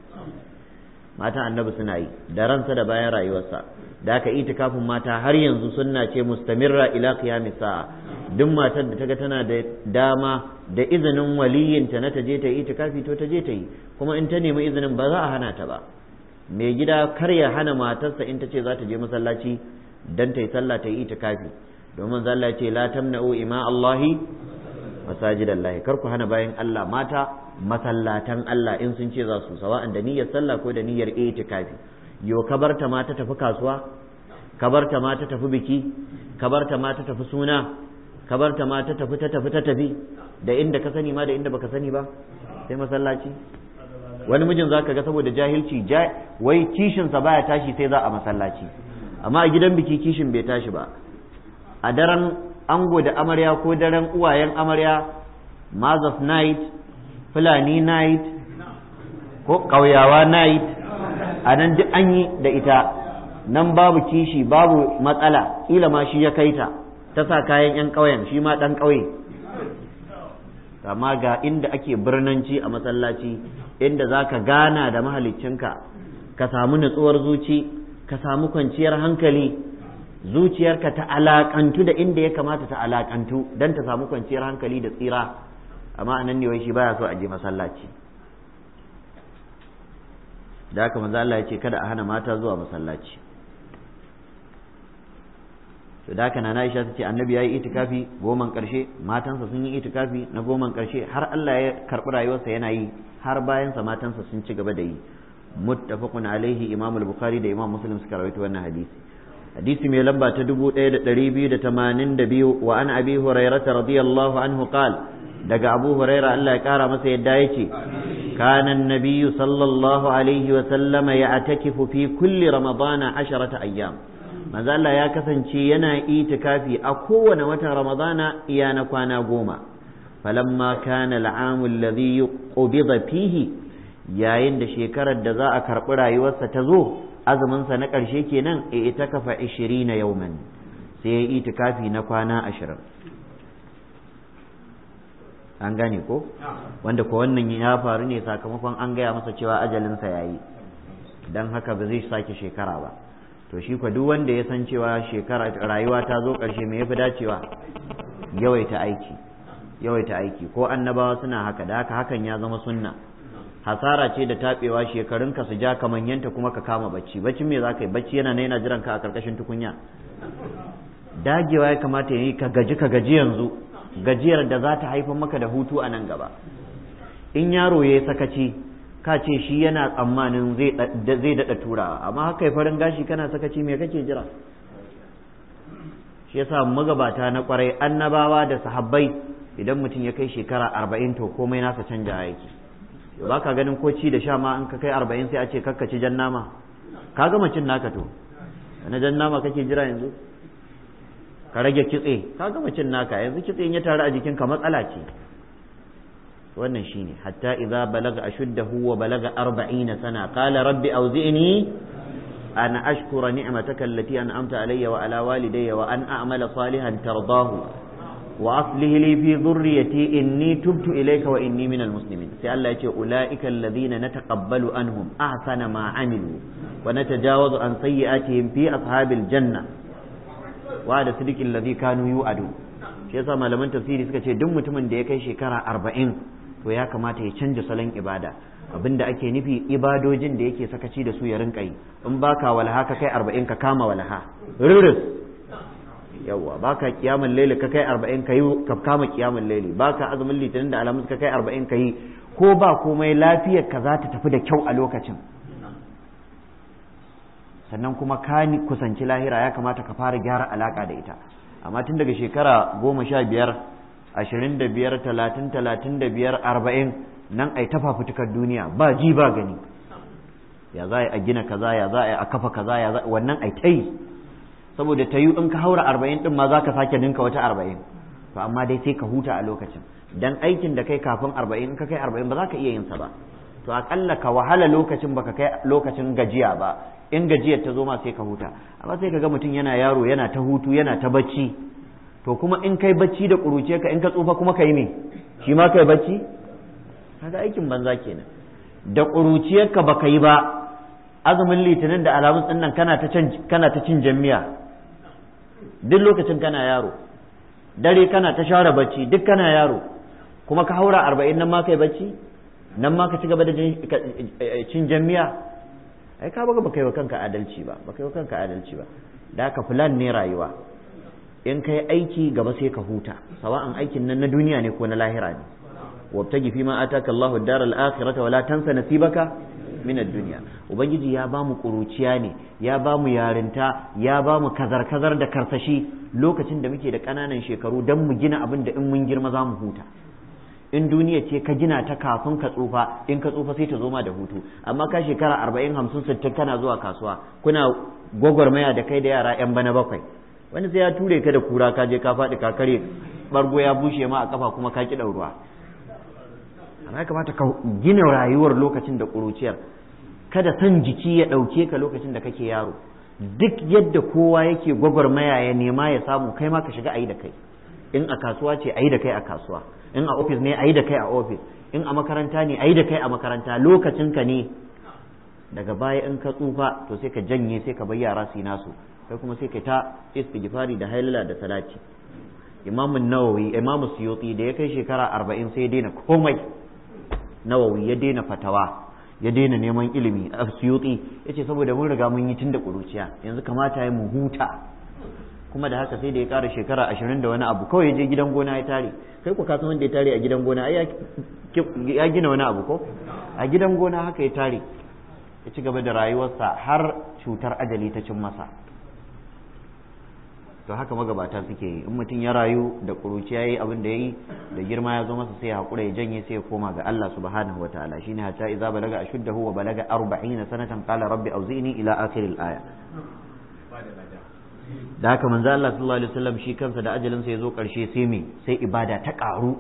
mata annabi suna yi da ransa da bayan rayuwarsa da aka itikafin mata har yanzu sunna ce mustamirra ila qiyamis sa'a duk matar da taga tana da dama da izinin waliyinta na taje je ta yi itikafi to ta je ta yi kuma in ta nemi izinin ba za a hana ta ba mai gida kar ya hana matarsa in ta ce za ta je masallaci don ta yi sallah ta yi kafi, domin zalla ce la tamna'u ima Allahi masajidallahi kar karku hana bayan Allah mata masallatan Allah in sun ce za su sawa'an da niyyar sallah ko da niyyar kafi? Yau kabarta ma ta tafi kasuwa kabarta ma ta tafi biki kabarta ma ta tafi suna kabarta ma ta tafi ta tafi ta tafi da inda ka sani ma da inda baka sani ba sai masallaci wani mijin zaka ga saboda jahilci wai kishinsa baya tashi sai za a masallaci amma a gidan biki kishin bai tashi ba a daren ango da amarya ko daren uwayen amarya mazaf night fulani night ko ƙauyawa night a nan duk an yi da ita nan babu kishi babu matsala ƙila ma shi ya kaita ta sa kayan 'yan ƙauyen shi ma ɗan ƙauye amma ga inda ake birnanci a masallaci inda za ka gana da mahaliccinka ka samu natsuwar zuci ka samu kwanciyar hankali zuciyarka ta alaƙantu da inda ya kamata ta alakantu don ta samu kwanciyar hankali da tsira amma anan ne wai shi baya so a je masallaci da haka manzo Allah ya ce kada a hana mata zuwa masallaci to da haka nana Aisha tace annabi yayi itikafi goman karshe matansa sun yi itikafi na goman karshe har Allah ya karbi rayuwarsa yana yi har bayan sa matansa sun ci gaba da yi muttafaqun alaihi Imam bukhari da Imam Muslim suka rawaito wannan hadisi hadisi mai lamba ta 1282 wa an abi hurairah radiyallahu anhu qala daga Abu Huraira Allah ya kara masa yadda yake kana an-nabiyyu sallallahu alaihi wa sallama ya'takifu fi kulli ramadana 10 ayyam manzo Allah ya kasance yana itikafi a kowane watan ramadana iya na kwana goma falamma kana al'amu alladhi qubida fihi yayin da shekarar da za a karɓi rayuwarsa ta zo azuminsa na ƙarshe kenan e ita kafa yau yauman sai ya yi itikafi na kwana ashirin an gane ko wanda ko wannan ya faru ne sakamakon an gaya masa cewa ajalinsa ya yi don haka ba zai sake shekara ba to shi kwa duk wanda ya san cewa shekara rayuwa ta zo ƙarshe me yafi dacewa yawaita aiki yawaita aiki ko annabawa suna haka da haka hakan ya zama sunna hasara ce da taɓewa shekarunka su ja ka manyanta kuma ka kama bacci bacci me za ka yi bacci yana yana jiran ka a ƙarƙashin tukunya dagewa ya kamata ya yi ka gaji ka gaji yanzu gajiyar da za ta haifar maka da hutu a nan gaba in yaro ya yi sakaci ka ce shi yana tsammanin zai daɗa tura amma haka farin gashi kana sakaci me kake jira shi yasa magabata na kwarai annabawa da sahabbai idan mutum ya kai shekara arba'in to komai nasa canja yake ba ka ganin ko ci da sha ma in ka kai arba'in sai a ce kakkaci jan nama ka gama cin naka to na jan nama kake jira yanzu ka rage kitse ka gama cin naka yanzu kitse in ya taru a jikinka matsala ce wannan shine hatta idza balaga ashuddahu wa balaga 40 sana qala rabbi awzi'ni an ashkura ni'mataka allati an'amta alayya wa ala walidayya wa an a'mala salihan tardahu wa aslih li fi dhurriyyati inni tubtu ilayka wa inni minal muslimin sai Allah ya ce ulaika alladhina nataqabbalu anhum ahsana ma 'amilu wa natajawazu an sayyi'atihim fi ashabil janna wa da sidiqil ladhi kanu yu'adu sai yasa malaman tafsiri suka ce duk mutumin da ya kai shekara arba'in to ya kamata ya canja salon ibada abin da ake nufi ibadojin da yake sakaci da su ya rinka yi in baka walaha ka kai arba'in ka kama walaha riris yawa baka kiyamun laili ka kai arba'in ka yi ka kama kiyamun laili baka azumin litinin da alamus ka kai arba'in ka yi ko ba komai lafiyar ka za ta tafi da kyau a lokacin sannan kuma ka kusanci lahira ya kamata ka fara gyara alaka da ita amma tun daga shekara goma sha biyar ashirin da biyar talatin talatin da biyar arba'in nan ai ta fafutukar duniya ba ji ba gani ya za a gina kaza ya za a kafa kaza ya za wannan ai ta yi saboda ta yi in ka haura arba'in din ma za ka sake ninka wata arba'in to amma dai sai ka huta a lokacin dan aikin da kai kafin arba'in in ka kai arba'in ba za ka iya yin sa ba to akalla ka wahala lokacin baka kai lokacin gajiya ba in gajiyar ta zo ma sai ka huta amma sai ka ga mutum yana yaro yana ta hutu yana ta bacci to kuma in kai bacci da ƙuruce ka in ka tsufa kuma yi me shi ma kai bacci kaga aikin banza kenan da ƙuruciyarka ba ka yi ba azumin litinin da alamun din nan kana ta cin jamiya duk lokacin kana yaro dare kana ta share bacci duk kana yaro kuma ka haura arba'in nan ma kai bacci nan ma ka ci gaba da eh, cin jamiya ai ka baka baka yi wa kanka adalci ba baka yi wa kanka adalci ba da haka fulan ne rayuwa in kai aiki gaba sai ka huta sawa'an aikin nan na duniya ne ko na lahira ne wabtaji fi ma ataka Allahu daral akhirata wala tansa nasibaka min ad-dunya ubangiji ya bamu kuruciya ne ya bamu yarinta ya bamu kazar kazar da karsashi lokacin da muke da kananan shekaru dan mu gina abin da in mun girma za mu huta in duniya ce ka gina ta kafin ka tsufa in ka tsufa sai ta zo ma da hutu amma ka shekara arba'in hamsin sittin kana zuwa kasuwa kuna gwagwarmaya da kai da yara yan bana bakwai wani sai ya ture ka da kura ka je ka faɗi ka kare bargo ya bushe ma a kafa kuma ka ki ruwa ya kamata ka gina rayuwar lokacin da ƙuruciyar kada san jiki ya ɗauke ka lokacin da kake yaro duk yadda kowa yake gwagwarmaya ya nema ya samu kai ma ka shiga a yi da kai in a kasuwa ce a da kai a kasuwa in a ofis ne a da kai a ofis in a makaranta ne a da kai a makaranta lokacin ka ne daga baya in ka tsufa to sai ka janye sai ka bar yara su nasu kai kuma sai ka ta istighfari da hailala da salati imamu nawawi imamu suyuti da ya kai shekara arba'in sai ya daina komai nawawi ya daina fatawa ya daina neman ilimi a suyuti ya ce saboda mun riga mun yi tun da ƙuruciya yanzu kamata ya mu huta kuma da haka sai da ya ƙara shekara ashirin da wani abu kawai ya je gidan gona ya tare kai ku kasan wanda ya tare a gidan gona ya gina wani abu ko a gidan gona haka ya tare ya ci gaba da rayuwarsa har cutar ajali ta cin masa to haka magabata suke yi in mutum ya rayu da ya yi abin da ya yi da girma ya zo masa sai ya haƙura ya janye sai ya koma ga Allah subhanahu wataala shine hatta idza balaga ashuddahu wa balaga 40 sanatan qala rabbi awzini ila akhir al-aya da haka manzo Allah sallallahu alaihi wasallam shi kansa da ajalin sa zo karshe sai me sai ibada ta karu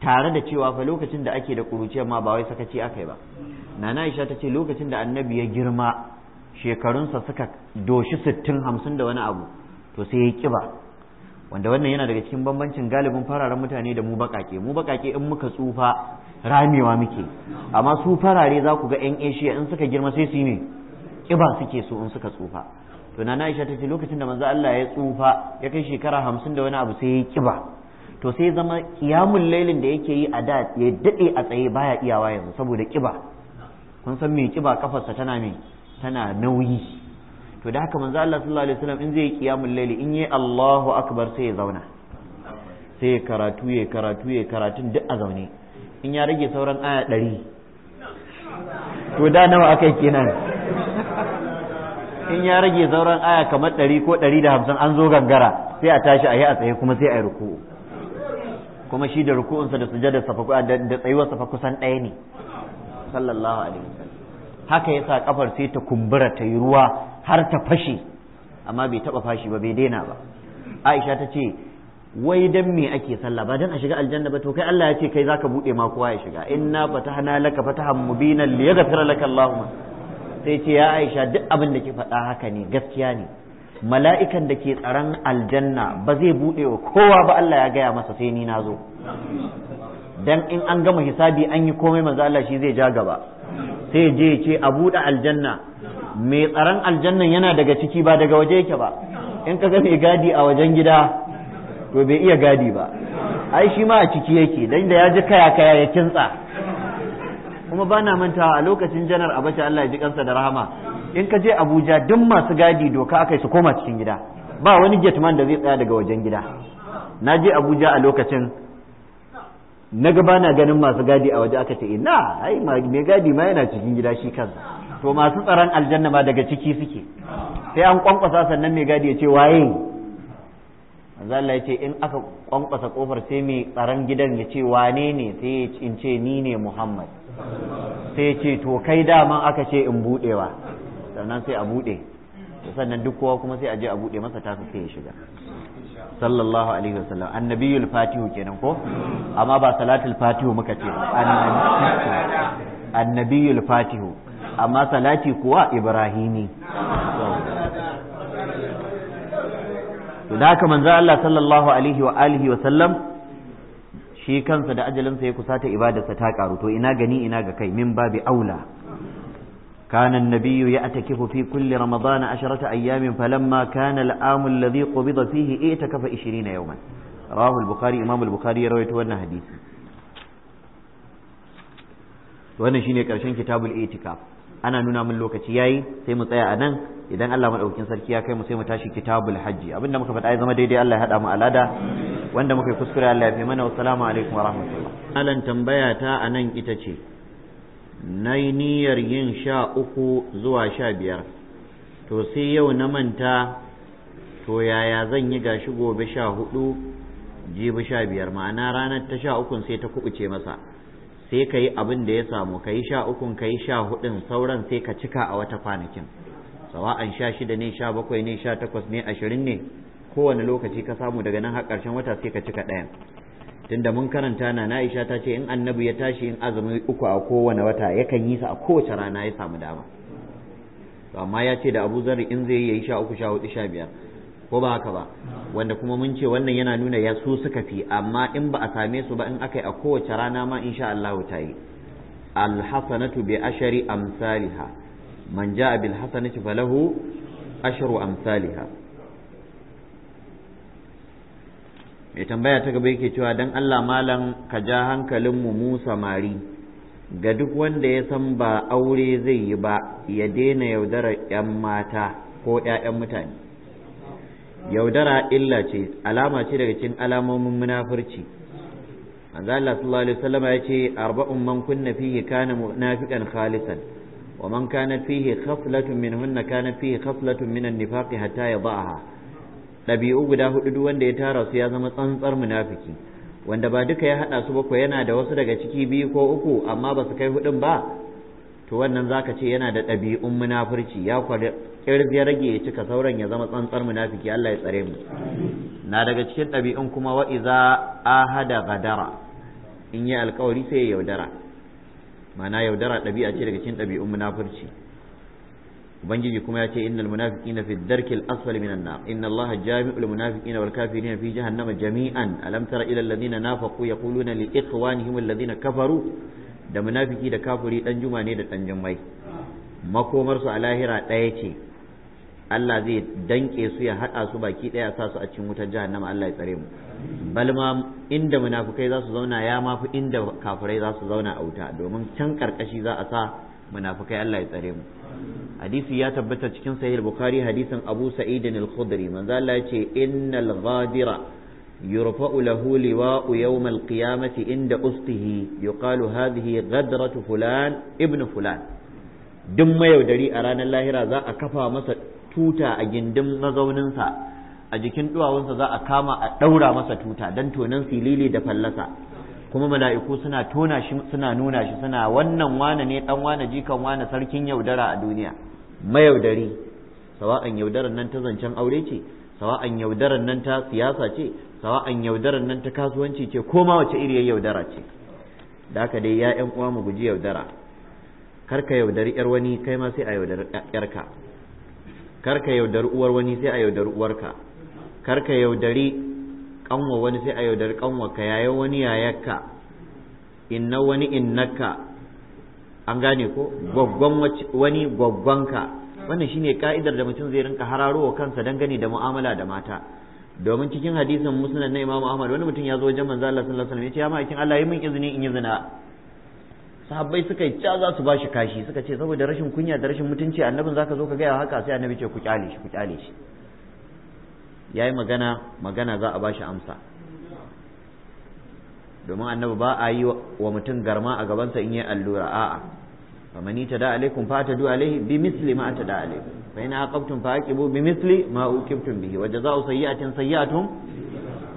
tare da cewa fa lokacin da ake da kuruciya ma ba wai sakaci akai ba nana Aisha ce lokacin da annabi ya girma shekarunsa suka doshi sittin hamsin da wani abu to sai ya kiba wanda wannan yana daga cikin bambancin galibin fararen mutane da mu bakake mu bakake in muka tsufa ramewa muke amma su farare za ku ga yan asia in suka girma sai su yi ne kiba suke so in suka tsufa to na Aisha ta ce lokacin da manzo Allah ya tsufa ya kai shekara hamsin da wani abu sai ya kiba to sai zama kiyamun lailin da yake yi a da ya daɗe a tsaye baya iyawa yanzu saboda kiba kun san me kiba kafarsa tana me tana nauyi to da haka manzo Allah sallallahu alaihi wasallam in zai qiyamul layli in yi Allahu akbar sai ya zauna sai ya karatu ya karatu ya karatun duk a zaune in ya rage sauran aya ɗari to da nawa akai kenan in ya rage sauran aya kamar ɗari ko ɗari da hamsin an zo gangara sai a tashi a yi a tsaye kuma sai a yi ruku, kuma shi da ruku'unsa da sujada da tsayuwar safa kusan ɗaya ne sallallahu alaihi wasallam haka yasa kafar sai ta kumbura ta yi ruwa har ta fashe amma bai taba fashi ba bai daina ba aisha ta ce wai dan me ake sallah ba dan a shiga aljanna ba to kai Allah ya ce kai zaka bude ma kowa ya shiga inna fatahna laka fatahan mubinan liyaghfira laka Allahumma sai ce ya aisha duk abin da ke faɗa haka ne gaskiya ne mala'ikan da ke tsaron aljanna ba zai buɗe wa kowa ba Allah ya gaya masa sai ni na zo dan in an gama hisabi an yi komai manzo Allah shi zai ja gaba sai je ce a buɗe aljanna mai tsaron aljannan yana daga ciki ba daga waje yake ba in ka ga mai gadi a wajen gida to bai iya gadi ba ai shi ma a ciki yake dan da ya ji kaya kaya ya kintsa kuma ba na mantawa a lokacin janar abacha Allah ya ji kansa da rahama in ka je Abuja duk masu gadi doka aka su koma cikin gida ba wani jetman da zai tsaya daga wajen gida na je Abuja a lokacin na gaba na ganin masu gadi a waje aka ce ina ai mai gadi ma yana cikin gida shi kansa to masu tsaron aljanna ma daga ciki suke sai an kwankwasa sannan mai gadi ya ce waye manzo Allah ya ce in aka kwankwasa kofar sai mai tsaron gidan ya ce wane ne sai in ce ni ne Muhammad sai ya ce to kai daman aka ce in budewa sannan sai a bude sannan duk kowa kuma sai a je a bude masa tasu sai ya shiga sallallahu alaihi wasallam annabiyul fatihu kenan ko amma ba salatul fatihu muka ce annabiyul fatihu amma salati kuwa ibrahimi to da haka manzo Allah sallallahu alaihi wa alihi shi kansa da ajalinsa ya kusata ibadarsa ta karu to ina gani ina ga kai min babi aula كان النبي يعتكف في كل رمضان عشرة أيام فلما كان العام الذي قبض فيه اعتكف عشرين يوما رواه البخاري إمام البخاري رويته وانا حديث وانا شيني كرشان كتاب الاعتكاف ana nuna min lokaci yayi sai mu tsaya a nan idan Allah madaukakin sarki ya kai mu sai mu tashi kitabul hajji abinda muka faɗa ya zama daidai Allah ya hada mu alada wanda muka yi kuskure Allah ya fi mana wassalamu wa rahmatullah alan anan ita ce na niyyar yin sha uku zuwa sha biyar to sai yau na manta to yaya zan yi gashi gobe sha hudu jibi sha biyar ma'ana ranar ta sha ukun sai ta kubuce masa sai ka yi abin da ya samu ka yi sha ukun ka yi sha hudun sauran sai ka cika a wata kwanakin sawa'an sha shida ne sha bakwai ne sha takwas ne ashirin ne kowane lokaci ka samu daga nan har ƙarshen wata sai ka cika ɗayan tunda mun karanta na Aisha ta ce in annabi ya tashi in azumi uku a kowane wata yakan yi sa a kowace rana ya samu dama to amma ya ce da Abu Zarri in zai yi sha uku sha hudu sha biyar ko ba haka ba wanda kuma mun ce wannan yana nuna ya su suka fi amma in ba a same su ba in aka yi a kowace rana ma insha Allah ta yi alhasanatu bi ashari amsalha man ja'a bil hasanati falahu ashru amsalha mai tambaya ta gaba yake cewa dan Allah malam ka ja hankalin mu mu samari ga duk wanda ya san ba aure zai yi ba ya daina yaudarar 'yan mata ko 'ya'yan mutane yaudara illa ce alama ce daga cikin alamomin munafurci manzo Allah sallallahu alaihi wasallam ya ce arba'un man kunna fihi kana munafiqan khalisan wa man kana fihi khaflatun minhunna kana fihi khaflatun minan nifaqi hatta yadha'aha ɗabi'u guda hudu duk wanda ya tara su ya zama tsantsar munafiki wanda ba duka ya haɗa su bakwai yana da wasu daga ciki biyu ko uku amma ba su kai hudun ba to wannan zaka ce yana da ɗabi'un munafurci ya kwari ƙirz ya rage ya cika sauran ya zama tsantsar munafiki Allah ya tsare mu na daga cikin ɗabi'un kuma wa iza ahada gadara in yi alkawari sai ya yaudara ma'ana yaudara ɗabi'a ce daga cikin ɗabi'un munafurci ubangiji kuma ya ce innal munafiqina fi ddarkil asfali minan nar inna allaha jami'ul munafiqina wal kafirina fi jahannama jami'an alam tara ila alladhina nafaqu yaquluna li ikhwanihim alladhina kafaru da munafiki da kafiri dan juma ne da dan jummai makomar su a lahira daya ce Allah zai danke su ya hada su baki daya sa su a cikin wutar jahannama Allah ya tsare mu bal ma inda munafikai za su zauna ya mafi inda kafirai za su zauna a wuta domin can karkashi za a sa munafukai Allah ya tsare mu hadisi ya tabbata cikin sahih al-bukhari hadisin abu sa'id al-khudri manzo Allah ya ce innal ghadira yurfa'u lahu liwa'u yawm al inda ustihi yuqalu hadhihi ghadratu fulan ibnu fulan duk mayaudari a ranar lahira za a kafa masa tuta a gindin mazauninsa a jikin duwawunsa za a kama a daura masa tuta don tonin silili da fallasa kuma mala'iku suna tona shi suna nuna shi suna wannan wane ne dan wane jikan wane sarkin yaudara a duniya mayaudari sawa'an yaudaran nan ta zancen aure ce sawa'an yaudaran nan ta siyasa ce sawa'an yaudaran nan ta kasuwanci ce ko ma wace iriyar yaudara ce da haka dai ya ƴan uwa mu guji yaudara kar ka yaudari ƴar wani kai ma sai a yaudari ƴarka kar ka yaudari uwar wani sai a yaudari uwarka kar ka yaudari kanwa wani sai a yaudar kanwarka yayi wani yayakka inna wani innaka an gane ko gwaggon wani gwaggonka wannan shine ka'idar da mutum zai rinka hararowa kansa dangane da mu'amala da mata domin cikin hadisin musnad na Imam ahmad wani mutum ya zo wajen manzo Allah sallallahu alaihi wasallam ya ce ya ma'aikin Allah yi min izini in yi zina sahabbai suka yi ca za su bashi kashi suka ce saboda rashin kunya da rashin mutunci annabin zaka zo ka gaya haka sai annabi ce ku kyale shi ku kyale shi ya yi magana magana za a ba shi amsa domin annabi ba a yi wa mutum garma a gabansa in yi allura a'a faman ta da alaikum fa ta alaihi bi misli ma ta da alaikum fa ina aqabtum fa aqibu bi misli ma uqibtum bihi wa jazaa'u sayyi'atin sayyi'atun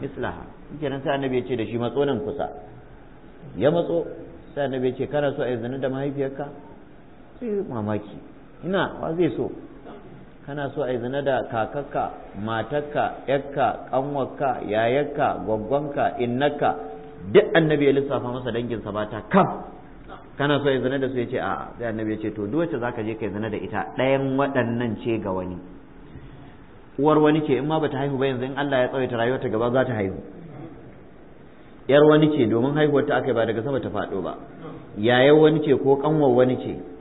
mislaha kenan sai annabi ya ce da shi matso nan kusa ya matso sai annabi ya ce kana so a yi zina da mahaifiyarka sai mamaki ina wa zai so kana so a yi zina da kakakka matakka yakka kanwarka yayakka gwaggwanka innaka duk annabi ya lissafa masa danginsa ta kam kana so yi zina da su ya ce a'a sai annabi ya ce to duk wacce zaka je kai zina da ita ɗayan waɗannan ce ga wani uwar wani ce in ma bata haihu ba yanzu in Allah ya tsawaita rayuwarta gaba za ta haihu yar wani ce domin ta aka ba daga sama ta faɗo ba yayar wani ce ko kanwar wani ce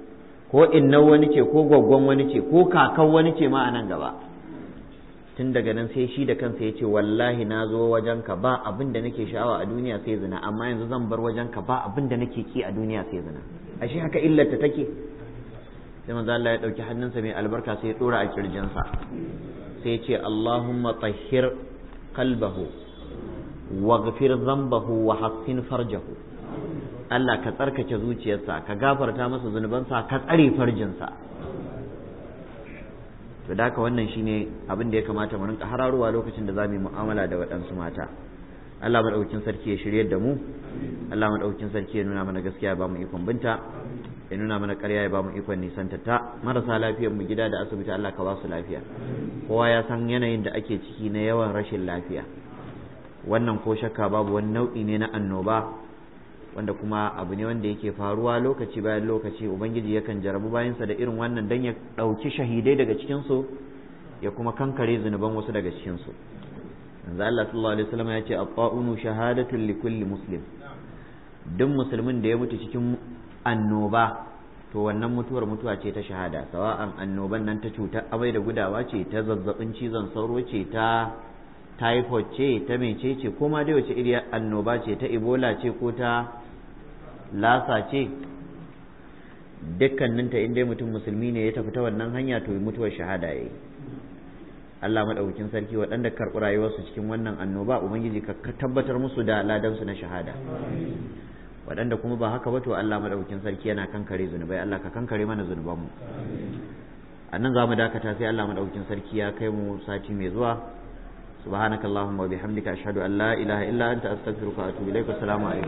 ko innan wani ce ko gwaggon wani ce ko kakan wani ce ma a nan gaba tun daga nan sai shi da kansa ya ce wallahi na zo wajenka ba abin da nake sha'awa a duniya sai zina amma yanzu zan bar wajenka ba abin da nake ki a duniya sai zina ashe haka illarta take sai manzo Allah ya dauki hannunsa mai albarka sai ya dora a kirjinsa sai ya ce Allahumma tahhir qalbahu waghfir dhanbahu wa hassin farjahu Allah ka tsarkake zuciyarsa ka gafarta masa zunubansa ka tsare farjinsa to da haka wannan shine abin da ya kamata mu rinka hararuwa lokacin da za mu yi mu'amala da waɗansu mata Allah Maɗaukin sarki ya shiryar da mu Allah Maɗaukin sarki ya nuna mana gaskiya ba mu ikon binta ya nuna mana ƙarya ya ba mu ikon nisanta ta marasa lafiyar mu gida da asibiti Allah ka ba su lafiya kowa ya san yanayin da ake ciki na yawan rashin lafiya wannan ko shakka babu wani nau'i ne na annoba wanda kuma abu ne wanda yake faruwa lokaci bayan lokaci ubangiji yakan jarabu bayansa da irin wannan dan ya ɗauki shahidai daga cikinsu ya kuma kankare zunuban wasu daga cikinsu yanzu Allah sallallahu alaihi wasallam ya ce at-ta'unu shahadatu likulli muslim duk musulmin da ya mutu cikin annoba to wannan mutuwar mutuwa ce ta shahada sawa'an annoban nan ta cuta abai da gudawa ce ta zazzabin cizon sauro ce ta typhoid ce ta mecece ko ma dai wace iri annoba ce ta ebola ce ko ta lasa ce dukkaninta in dai mutum musulmi ne ya tafi ta wannan hanya to mutuwar shahada yayi Allah madaukakin sarki waɗanda karɓi rayuwarsu cikin wannan annoba ubangiji ka tabbatar musu da ladansu na shahada waɗanda kuma ba haka ba to Allah madaukakin sarki yana kankare zunubai Allah ka kankare mana zunubanmu a nan za mu dakata sai Allah madaukakin sarki ya kai mu sati mai zuwa subhanakallahumma wa bihamdika ashhadu an la ilaha illa anta astaghfiruka wa atubu ilaik assalamu alaikum